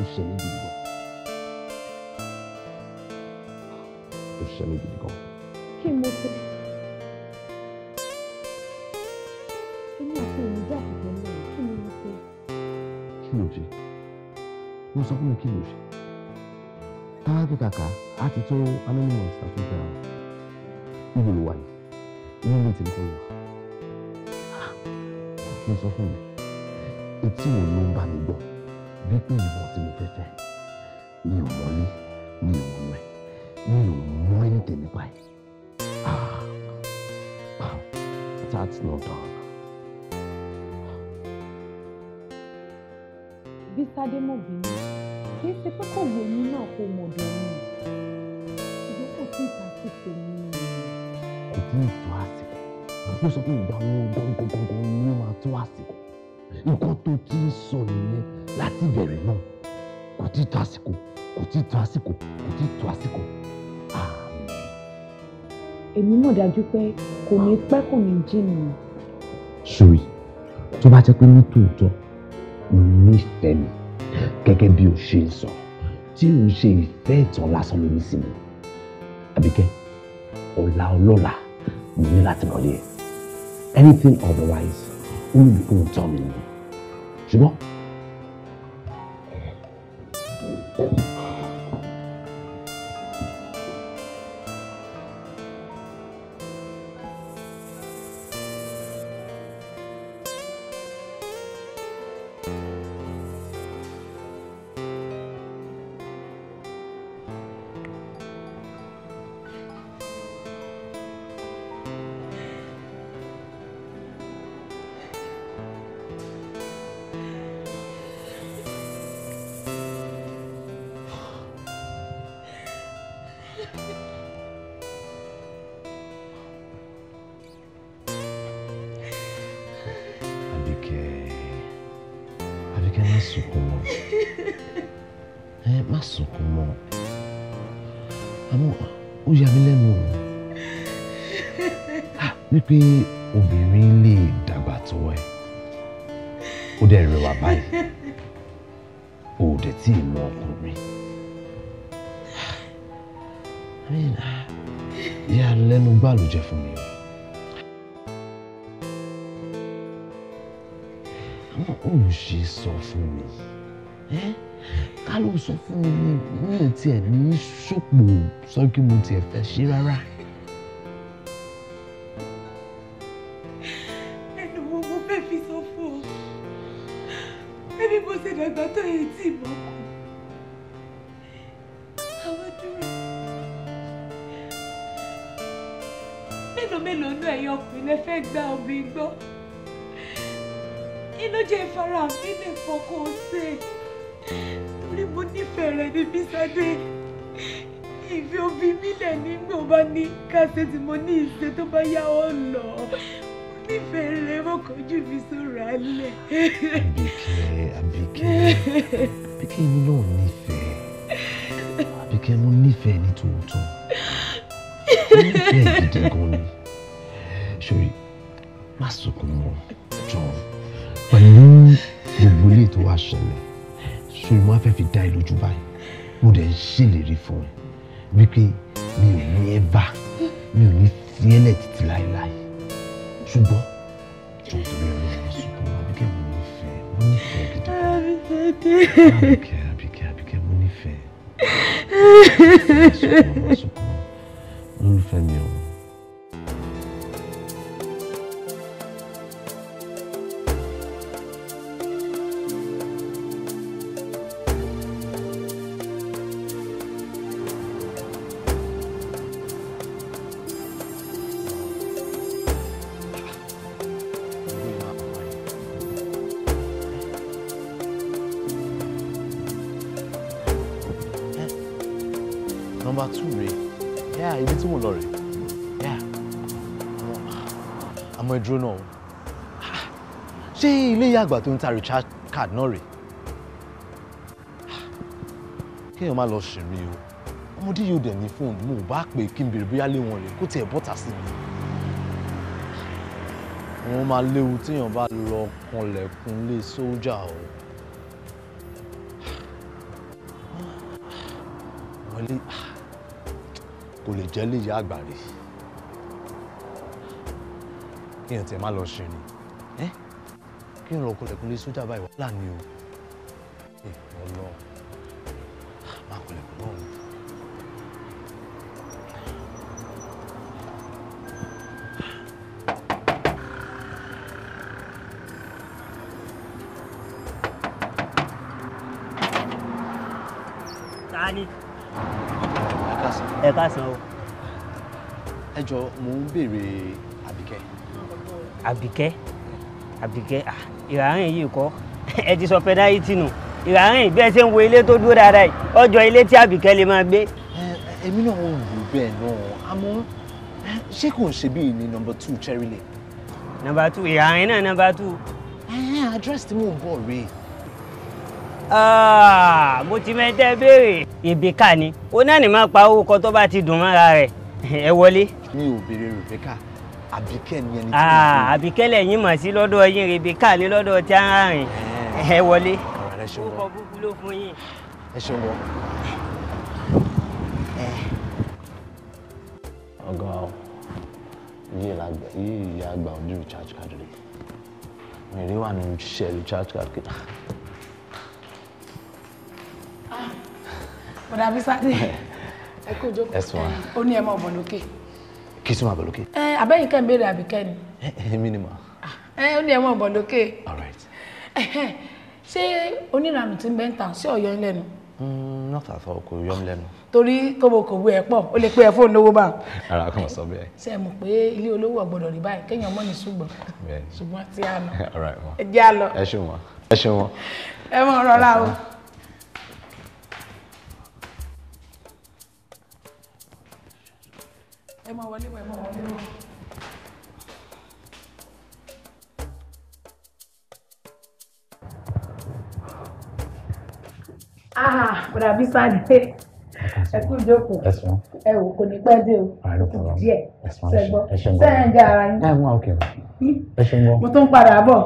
ó ṣẹlẹ̀ gidi gan ó ṣẹlẹ̀ gidi gan. kí mo ṣe. èmi àti èmi jẹ́ àtìkẹ́ náà kí ni mo ṣe. kí ló ṣe mo sọ fún mi kí ló ṣe. káàkiri kàkà á ti tó amẹ́mí ọ̀sán fún ibo ló wà ní ilé tí mo wà mo sọ fún mi etí wo ló ń bá mi gbọ́ bí pé ìwọ tí mo fẹ́ fẹ́ mi ò mọ́lé mi ò mọ́ ẹ ah, that's not all. bí Sádé mọ̀ bí mi kì í ṣe pé kò wù mí náà kó mọ̀ bẹ́ẹ̀ ni ìgbésẹ̀ tí ìta sì tèmi ni tí ì tó àsìkò ó sọ pé ìgbà wo gangan ni ó máa tó àsìkò nǹkan tó ti ń sọ nìyẹn láti ìbẹ̀rẹ̀ náà kò tí tó àsìkò kò tí tó àsìkò kò tí tó àsìkò. èmi mọ̀ dájú pé kò ní pẹ́ kò ní jìnnà. ṣùrì tó bá jẹ́ pé ní tòótọ́ mo nífẹ̀ẹ́ mi gẹ́gẹ́ bí o ṣe ń sọ tí o ṣe ìfẹ́ ìtàn lásán lómi sí mi àbíkẹ́ ọ̀la ọlọ́la mo ní láti lọ lé anything otherwise ó ń bí ohun tán mi ṣùgbọ́n. Àbíkẹ́ má sunkún mọ́ ẹ má sunkún mọ́ àmọ́ ó yà mí lẹ́nu ah, wípé obìnrin lè dàgbà tó ẹ ó dẹ̀ rẹwà báyìí ó dẹ̀ tí ì mọ ọkùnrin ah, ah, ìyá lẹ́nu gbàlùjẹ fún mi o. ò ṣe sọ fún mi ká ló sọ fún mi mi ò tiẹ̀ ní ṣòpò sọ kí mo tiẹ̀ fẹ́ ṣe rárá. kásẹ̀ tí mo ní ìṣe tó bá yá ọ lọ mo nífẹ̀ẹ́ rẹ mo kọjú mi sóra lẹ̀. àbíkẹ́ àbíkẹ́ àbíkẹ́ èmi náà nífẹ̀ẹ́ àbíkẹ́ mo nífẹ̀ẹ́ ní tòótọ́ mo nífẹ̀ẹ́ gidi gan ni sori má sunkún mọ́ jọ pẹ̀lú gbogbo ilé tó wá ṣẹlẹ̀ sori mo á fẹ́ fi dá ẹ lójú báyìí mo dẹ̀ ń ṣèlérí fún ẹ wípé mi ò ní ẹ bá mi ò ní fi ẹlẹ̀ títí láéláé ṣùgbọ́n jọ̀ọ́ torí ọlọ́run wọn sunkún wọn Àbíkẹ́ mo nífẹ̀ẹ́ mo nífẹ̀ẹ́ gidi kan Àbíkẹ́ Àbíkẹ́ Àbíkẹ́ mo nífẹ̀ẹ́ sunkún wọn sunkún wọn olólùfẹ́ mi ọ̀hún. àgbà tó ń ta recharge card náà rèé kéèyàn má lọ ṣèrè o ọmọdé yóò dẹ̀ ní fóònù mo bá pè kí n bèrè bóyá lé wọn rèé kó tiẹ̀ bọ́tà sí mi wọn máa léwu téèyàn bá lọ kanlẹ̀kùn lé sójà o wọlé kò lè jẹ́ léyà àgbà rèé kéèyàn tiẹ̀ má lọ ṣèrè ẹ́ kí n lọ kọlẹ̀ kó lé sójà báyìí wàhálà ni o ọlọ má kọlẹ̀ kó náà. Tani. Ẹ káàsán. Ẹ o. Ẹ jọ mò ń béèrè Àbíkẹ́. Àbíkẹ́ àbíkẹ́ ìràárín yìí kọ́ ẹ ti sọ pẹ́dáyìtì nù ìràárín bí ẹ ṣe ń wo ilé tó dúró dáadáa yìí ọjọ́ ilé tí àbíkẹ́ lè máa gbé. èmi náà ò rò bẹ́ẹ̀ náà àmọ́ ṣé kò ṣe bíi ní nọmba two cherry lane. nọmba two ìràárín náà nọmba two. address tí mò ń bọ̀ rèé. Ah, mo ti mẹ́tẹ́ béèrè Rebecca ni ó náà ní máa pa owó kan tó bá ti dùn mọ́ra rẹ̀ ẹ wọlé. mi ò béèrè Rebecca àbíkẹ́ ni ẹni tí mo ah, fi. àbíkẹ́ lẹ́yìn mọ̀ sí lọ́dọ̀ yín Rebeka ní lọ́dọ̀ tí a ń rárìn eh. ẹ wọlé. ẹ ṣeun bọ ẹ ṣeun bọ. ọgá o yìí ìyá àgbà ojú richard kadiri mèrè wà ní ṣe richard kadiri. Ah. Ah, bọ̀dà bisade ẹ kó jókòó ó ní ẹ máa bọ̀ lókè kí sí máa bọ̀ lókè. ẹ eh, abẹ́yìn kẹ́ ń béèrè àbíkẹ́ ni. ẹ mi eh, eh, ni mà. ẹ ah, ó ní ẹ máa bọ̀ lókè. all right. ṣé onírànù ti ń bẹ́ ń tà sí ọ̀yọ́ lẹ́nu. Hmm, not at all kò yọ mí lẹ́nu. torí kòbókòbó ẹ pọ̀ ó lè pé ẹ fóònù lówó bá. ara kò mọ̀ sọ bẹ́ẹ̀. ṣé ẹ mọ̀ pé ilé olówó ọ̀gbọ́dọ̀ rí báyìí kéèyàn mọ̀ ní ṣùgbọ́n ṣùgbọ́n tí a ẹ jẹ́ àlọ́. ẹ ṣe wọn ẹ ṣe wọn. ẹ mọ̀ rọra o. ẹ máa wọlé wọ ẹ máa wọlé wọ. ọ̀dà bí sáde ẹ kú ìjókòó ẹ wò kò ní pẹ́ dé o kò díẹ̀ sẹ́gbọ́ sẹ́yìn jẹ́ ara yín. mo tó ń padà bọ̀.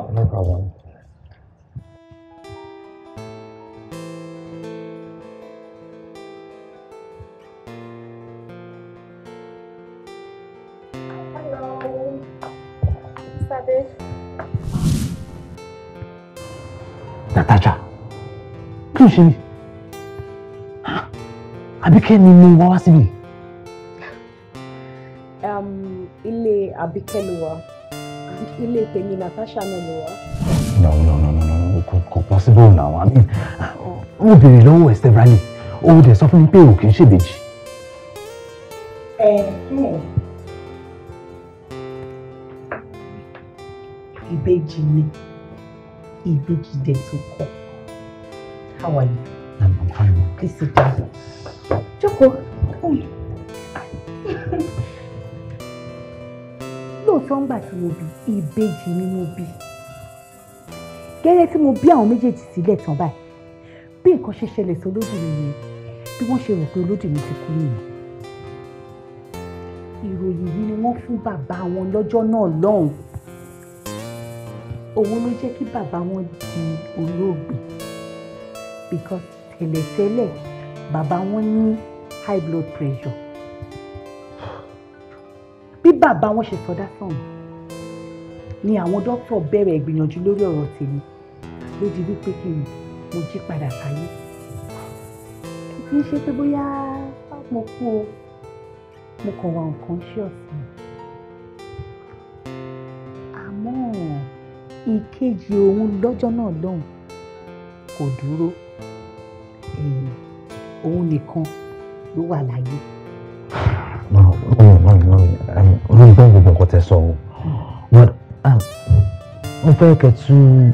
ń ṣe mí àbíkẹ́ ni mo wá wá síbí. ilé àbíkẹ́ ló wá ilé tèmi Natasha náà ló wá. no no no no no kò kò possible now i mean mo béèrè lọ́wọ́ ẹ̀ severally ó dẹ̀ sọ fún mi pé òkè ń ṣèbejì. ìbejì ni ìbejì dẹ̀ tó kọ́. How are you? I'm, I'm fine. Please sit down. Jókòó. Lóòótọ́ ńgbà tí mo bí ìbejì ni mo bí. Gẹ́gẹ́ tí mo bí àwọn méjèèjì sílẹ̀ tán báyìí. Bí nǹkan ṣe ṣẹlẹ̀ sí olódùmi yẹn, bí wọ́n ṣe rò ti kú nìyẹn. Ìròyìn yìí ni wọ́n fún bàbá wọn lọ́jọ́ náà lọ́hùn-ún. Òun ló jẹ́ kí bàbá di olóògbé because tẹ́lẹ̀tẹ́lẹ̀ bàbá wọn ní high blood pressure bí bàbá wọn ṣe sọdá sọ̀hún ni àwọn dókítà bẹ̀rẹ̀ ìgbìyànjú lórí ọ̀rọ̀ tèmi ló di wípé kí n mo jí padà sáyé kì í ṣe pé bóyá mo kú o mo kàn wà nǹkan ṣé ọ̀sìn àmọ́ ìkejì òun lọ́jọ́ náà lọ́hùn kò dúró òun nìkan ló wà láyé. mami mami mami olórí gbọ́n gbogbo nǹkan tẹ sọ o but um, mo fẹ́ kẹ́ tún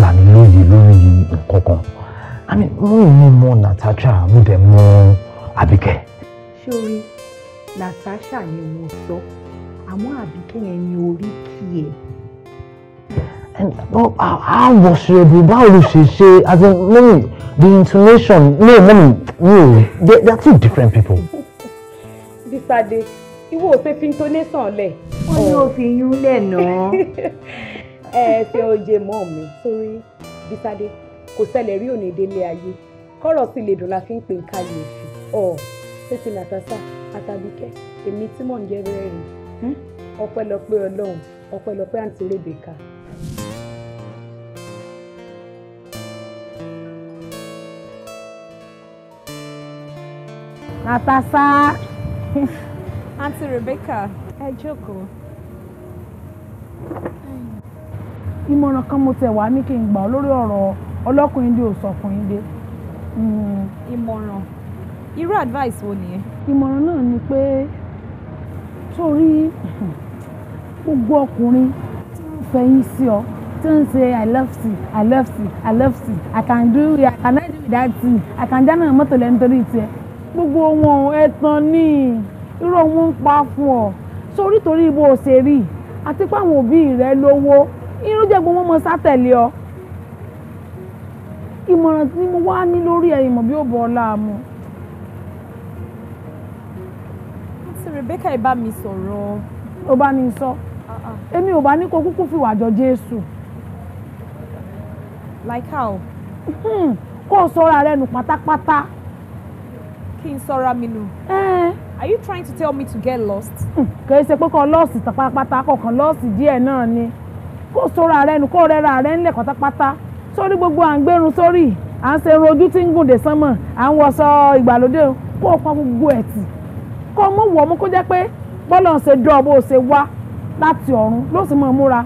là mí lóye lórí nǹkan kan i mean mo ò ní mọ Natasha mo dẹ̀ mọ Àbíkẹ́. sori Natasha ni mo sọ àmọ́ Àbíkẹ́ yẹn ni orí kì í ẹ̀. And, oh, how was she? Báwo ló As in, mami. No, the intonation no mummy no they, they are two different people. bisade iwọ ò ṣe fi intonation lẹ. wọn ní òfin yún lẹ náà. ẹ ṣe oje mọ mi sórí bisade kò ṣẹlẹ̀ rí òní délé ayé kọ́rọ̀ sì lè dùn la fi ń pè ń káyè èsì ọ̀ tètè nàtàṣà àtàbíkẹ́ èmi tí mò ń jẹ́ rẹ́rìn-ín hm? ọpẹ́lọpẹ́ ọlọ́run ọpẹ́lọpẹ́ àǹtí Natasha. Auntie Rebecca. Ẹ jókòó. Ìmọ̀ràn kan mo tẹ̀ wá ní kí n gbà ọ́ lórí ọ̀rọ̀ ọlọ́kùnrin dé òsọkùnrin dé. Hmm. Ìmọ̀ràn. Irú advice wo nìyẹn? Ìmọ̀ràn náà ni pé torí gbogbo ọkùnrin tí wọ́n fẹ̀yìn sí ọ tí wọ́n ṣe I love you, I love you, I love you, I can do it, I can do without thing, I can dáná mọ́tò lẹ́nu torí tiẹ̀ gbogbo wọn ẹ̀tàn ni irọ́ wọn ń pa fún ọ sórí torí bó o ṣe rí àti pé àwọn òbí rẹ lówó irújẹgbọn wọn mọ sátẹ̀lé ọ ìmọ̀ràn tí mo wá ní lórí ẹ̀yìn mọ̀ bí ó bọ̀ ọ́lá mu. àti Rebecca ẹ bá mi sọ̀rọ̀. ó bá ní sọ ah, ah. èmi ò bá ní kó kúkú fìwà jọ Jésù. like how. Hmm, kó o sọra rẹ nù pátápátá kí n sọra mi eh. are you trying to tell me to get lost. Hmm, kì í ṣe pé kan lọ́ọ̀sì tán pátápátá kọ̀ọ̀kan lọ́ọ̀sì díẹ̀ náà ni kó sóra rẹ nù kó rẹ́ra rẹ ńlẹ̀ pátápátá sórí gbogbo à ń gbérun sórí à ń ṣe irun ojú tí ń gùn dé sánmọ̀ à ń wọṣọ ìgbàlódé kó o pa gbogbo ẹ̀ tì kó o mú wọ̀ mú kó jẹ́ pé bọ́lá ń ṣe dọ́ bó o ṣe wá láti ọ̀run ló sì mọ̀ múra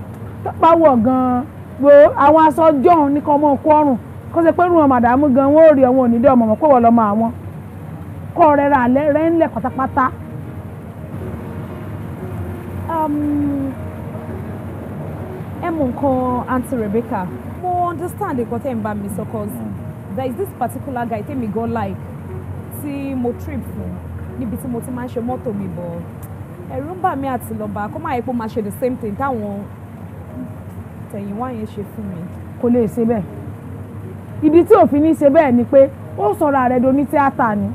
bá wọ̀ gan-an wo àwọn aṣọ jọ̀hún ní kọ́ mọ́ kó ọ̀run kó ṣe pé irun ọmọ àdàmú gan-an wọ́n ò rí ọmọ òní ọmọ mọ̀ kó wọ́n lọ́mọ àwọn kọ́ rẹ ra alẹ́ rẹ ń lẹ̀ pátápátá um, ẹ mọ nǹkan aunty Rebecca mo understand nǹkan tẹ́ ń bá mi sọ cause there is this particular guy tẹ́mi gan like tí mo trip fún níbi tí mo ti máa ń ṣe mọ́tò mi bọ̀ ẹ̀rù ń bà mí àti lọ́ba kó má yẹ kó máa ṣe the same thing táwọn tẹ̀yìn wá yẹn ṣe fún mi. kò lè ṣe bẹ́ẹ̀ ìdí tí òfin ní ṣe bẹ́ẹ̀ ni pé ó sọ̀rọ̀ ààrẹ do tíátà ni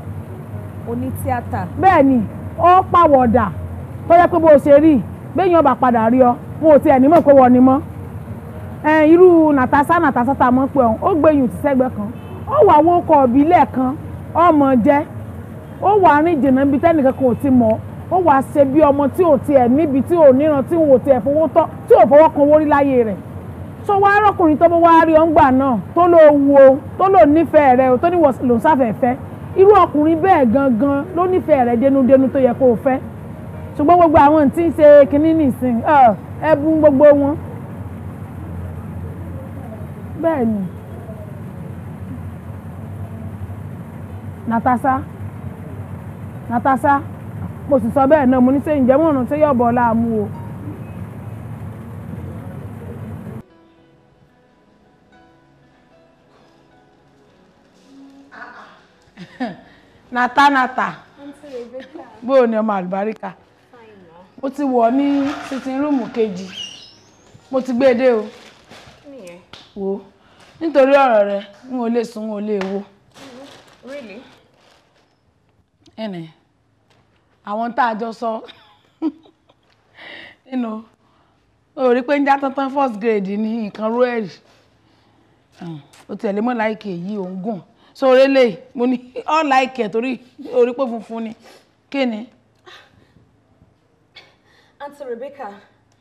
onítíátà. bẹ́ẹ̀ ni ó pàwọ̀dà tó yẹ pé bó o ṣe rí béèyàn bá padà rí ọ mo ò tiẹ̀ nímọ̀ pé wọ́n ni mọ́ irú nàtàsá nàtàsá tá a mọ̀ pé ọ̀hún ó gbẹ̀yìn òtí sẹ́gbẹ́ kan ó wà wọ́n kọ̀ ọ̀bí lẹ́ẹ̀kan ọmọ jẹ́ ó wà rìn jìnnà níbi tẹ́nìkan kan ò ti mọ̀ ó wà ṣe bí ọmọ tí ò tiẹ̀ níbi tí ò níran tí ò tiẹ̀ fowó tọ́ tí ò fọwọ́ kan owó rí láyé rẹ̀ tó wá rọ́kùnrin tó bó wá rí ọ̀ngbà náà tó lò wù ó tó lò nífẹ̀ẹ́ rẹ̀ ó tó ní wọ́n lòún sáfẹ́fẹ́ irú ọkùnrin bẹ́ẹ̀ gangan ló nífẹ̀ẹ́ rẹ̀ dénúdénú tó yẹ kó o fẹ́ ṣùgbọ́n gbogbo àwọn tí ń ṣe kinní nìsín ẹ̀bùn gbogbo wọn bẹ́ẹ̀ ni Natasha Natasha mo sì sọ bẹ́ẹ̀ náà mo ní sẹ́yìn jẹ́ mọ̀ràn tí yọ̀bọ̀ ọ̀la mú o. natanata bóò ni ọmọ àlùbáríkà mo ti wọ̀ ní sitting room kejì mo ti gbé e dé o wò ó nítorí ọ̀rọ̀ rẹ n o lè sùn o le wo. really? àwọn tá a jọ sọ nínú o rí pé ń já tán-tán first grade ní nkan rú ẹ̀rì ó tiẹ̀ lè mọ̀ láìkè yìí òun gùn. so orílẹ̀ mo ní ọ̀la ìkẹ́ torí orí pé funfun ni kini. ni. Aunty Rebecca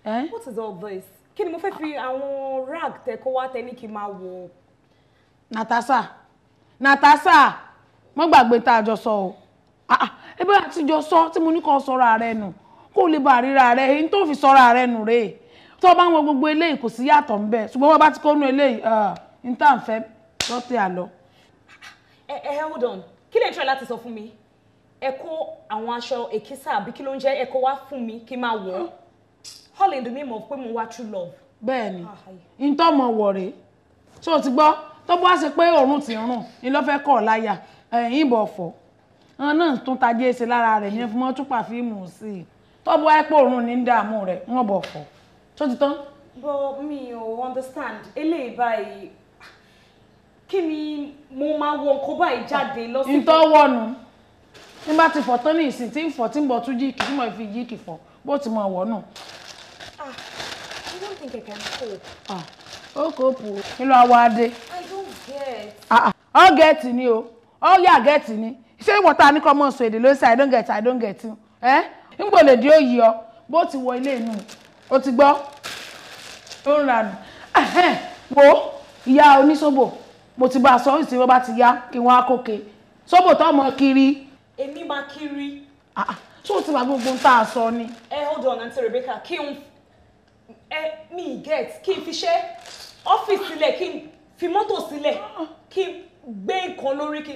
eh? what is all this kí mo fe fi àwọn rag te ko wa te ní kí n máa wò. Natasha Natasha mo gbàgbé tá a jọ sọ o ebe ah, ah, àtijọ́ sọ tí mo ní kó sọ́ra rẹ nù kó o lè bá ríra rẹ èyí tó fi sọ́ra rẹ nù rèé tó bá ń wo gbogbo eleyi kò si yàtọ̀ ń bẹ ṣùgbọ́n bá ti kó nú eleyi ah, ní tá à ń fẹ́ lọ́tẹ̀ àlọ́. ẹ eh, ẹ eh, hold on kí lè ń tọ́ láti sọ fún mi ẹ kó àwọn aṣọ èkísà àbí kí ló ń jẹ́ ẹ kó wá fún mi kí n máa wọ̀ ọ́ all in the name of pé mo wá true love. bẹ́ẹ̀ni ah, ntọ́mọ wọ̀ rèé tó o ti gbọ́ tó bá ṣe pé òórùn ti rùn ni ló fẹ́ kọ̀ láyà ẹ̀yìn ìbọn ọ̀fọ̀ náà tún tajé ṣe lára rẹ̀ ní fún mọ́tún pàfíìmù sí i tó bá ẹ̀pọ̀ òórùn ní dààmú rẹ̀ wọ́n bọ̀ ọ̀fọ̀ tó ti tán. bọ́ mi ò understand eléyìí báyìí kí ni mo máa wọ nǹkan báyìí jáde lọ́sibítù. ìtọ́wọ́nu ní bá ti fọ̀ tán ní ìsìn tí ń fọ̀ tí ń bọ̀ tún jíìkì tí mo fi jíìkì fọ̀ bó ti mọ̀ wọ̀ nù. ah I don't think I can cope. ah ó kóòpù nínú àwọn adé. I don't get. ah ọ́ ah, gẹ̀ẹ́tì ni o ọ́ yà gẹ̀ẹ́tì ni ṣé ìwọ̀n tá a ní kọ́ mọ́ sọ èdè ló ṣe I don't get I don't get ẹ́ ń gbọ́dọ̀ di òyì ọ bó ti wọ ilé inú o ti gbọ́ ó ń ranù wo ìyá oníṣòbò mo ti bá a sọ ìsìn wọn bá ti yá kí wọn á kókè sóbò tó mọ kiri. èmi máa kiri. tó ah, ah. ti máa gbogbo tá a sọ ni. ẹ hold on aunty Rebecca kí n ẹ mi get kí n fi ṣe ọ́fíìsì sílẹ̀ kí n fi mọ́tò sílẹ̀ kí n gbé nǹkan lórí kí.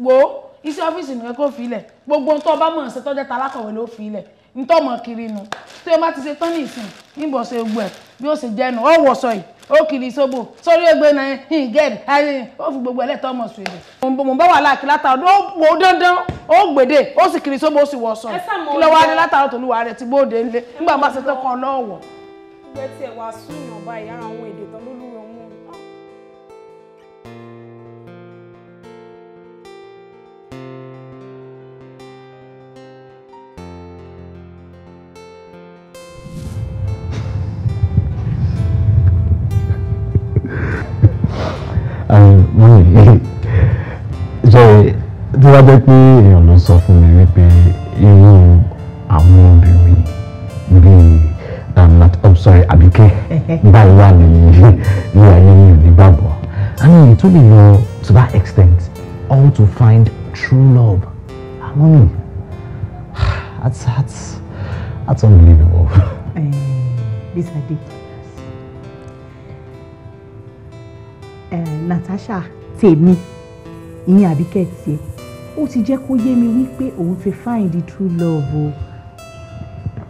wo iṣẹ́ ọ́fíìsì nìkan kò fi ilẹ̀ gbogbo ohun tó bá mọ̀ ṣe tọ́jẹ́ ta alákọ̀wé ló fi ilẹ̀ ń tọ́ mọ̀ kiri nu tí o bá ti ṣe tán ní ìsìn níbo ṣe gbọ́ ẹ̀ bí ó ṣe jẹ́ nu ọ̀wọ̀ sọ yìí o kiri sóbò sórí ẹgbẹ́ náà ìgẹ́ẹ̀dì ayé ó fi gbogbo ẹlẹ́tọ̀ ọmọ sùn èdè mò ń bá wà láàkì dandan o gbede o si kiri sóbò o si wọ̀ sàn kí lọ́wọ́ adé látàrọ tòlúwa rẹ̀ ti bóde nle nígbà bá ṣe tọkàn wá sún ìyànba ìyára àwọn èdè tán ló jẹ́ tó bá jẹ́ pé èèyàn ló sọ fún mi wípé irú àwọn obìnrin bíi Damnat I'm sorry Abike balwa, wà ní ilé ayé mi ò ní gbàgbọ́ and it will be know to that extent all to find true love I mean, that's that's that's unbelievable. Bisade. Um, Eh, Natasha tèmi ìyẹn àbíkẹ́ tiẹ̀ ó ti jẹ́ kó yé mi wípé òun ti find the true love o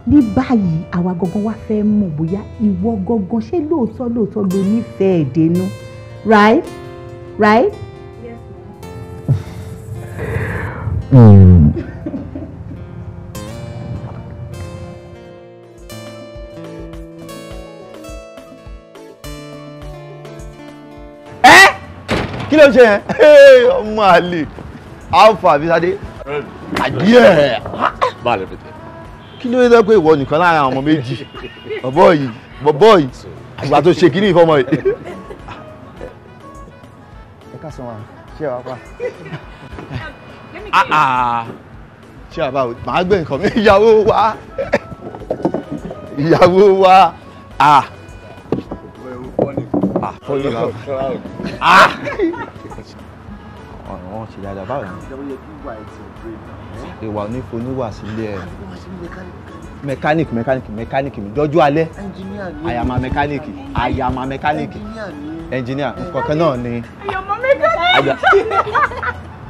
ní báyìí àwa gangan wá fẹ́ mọ̀ bóyá ìwọ gangan ṣé lóòótọ́ lóòótọ́ ló nífẹ̀ẹ́ dénú right right. Yes, ma'am. mm. ló ṣe yẹn ọmọ àlè alpha abisade àdìẹ kí ló dé pé ìwọ nìkan láàrin àwọn ọmọ méjì bọ̀bọ̀ yìí bọ̀bọ̀ yìí àgbà tó ṣe kíní ìfọmọ yìí. ẹ ká sọ wa ṣé wàá pa. Ah, ah. ṣé wàá pa màá gbé nǹkan mi ìyàwó wa ìyàwó wa. Ah. Holy God. Ah! ọ̀rọ̀ wọn ṣe dáadáa báwo ni. ìwà onífo oníwà sílé ẹ̀. mechanic mechanic mechanic mi dọ́jú alẹ́. àyàmà mechanic àyàmà mechanic engineer kọ̀ọ̀kan náà ni. àyàmà mechanic.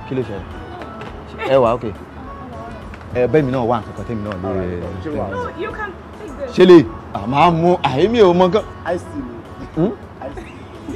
kí ló ṣẹlẹ̀ ẹ wà ok ẹ bẹ́ẹ̀ mi náà wà nǹkan kan tẹ́mi náà lè. ṣe lè àmọ́ àmú àyèmí ò mọ gan.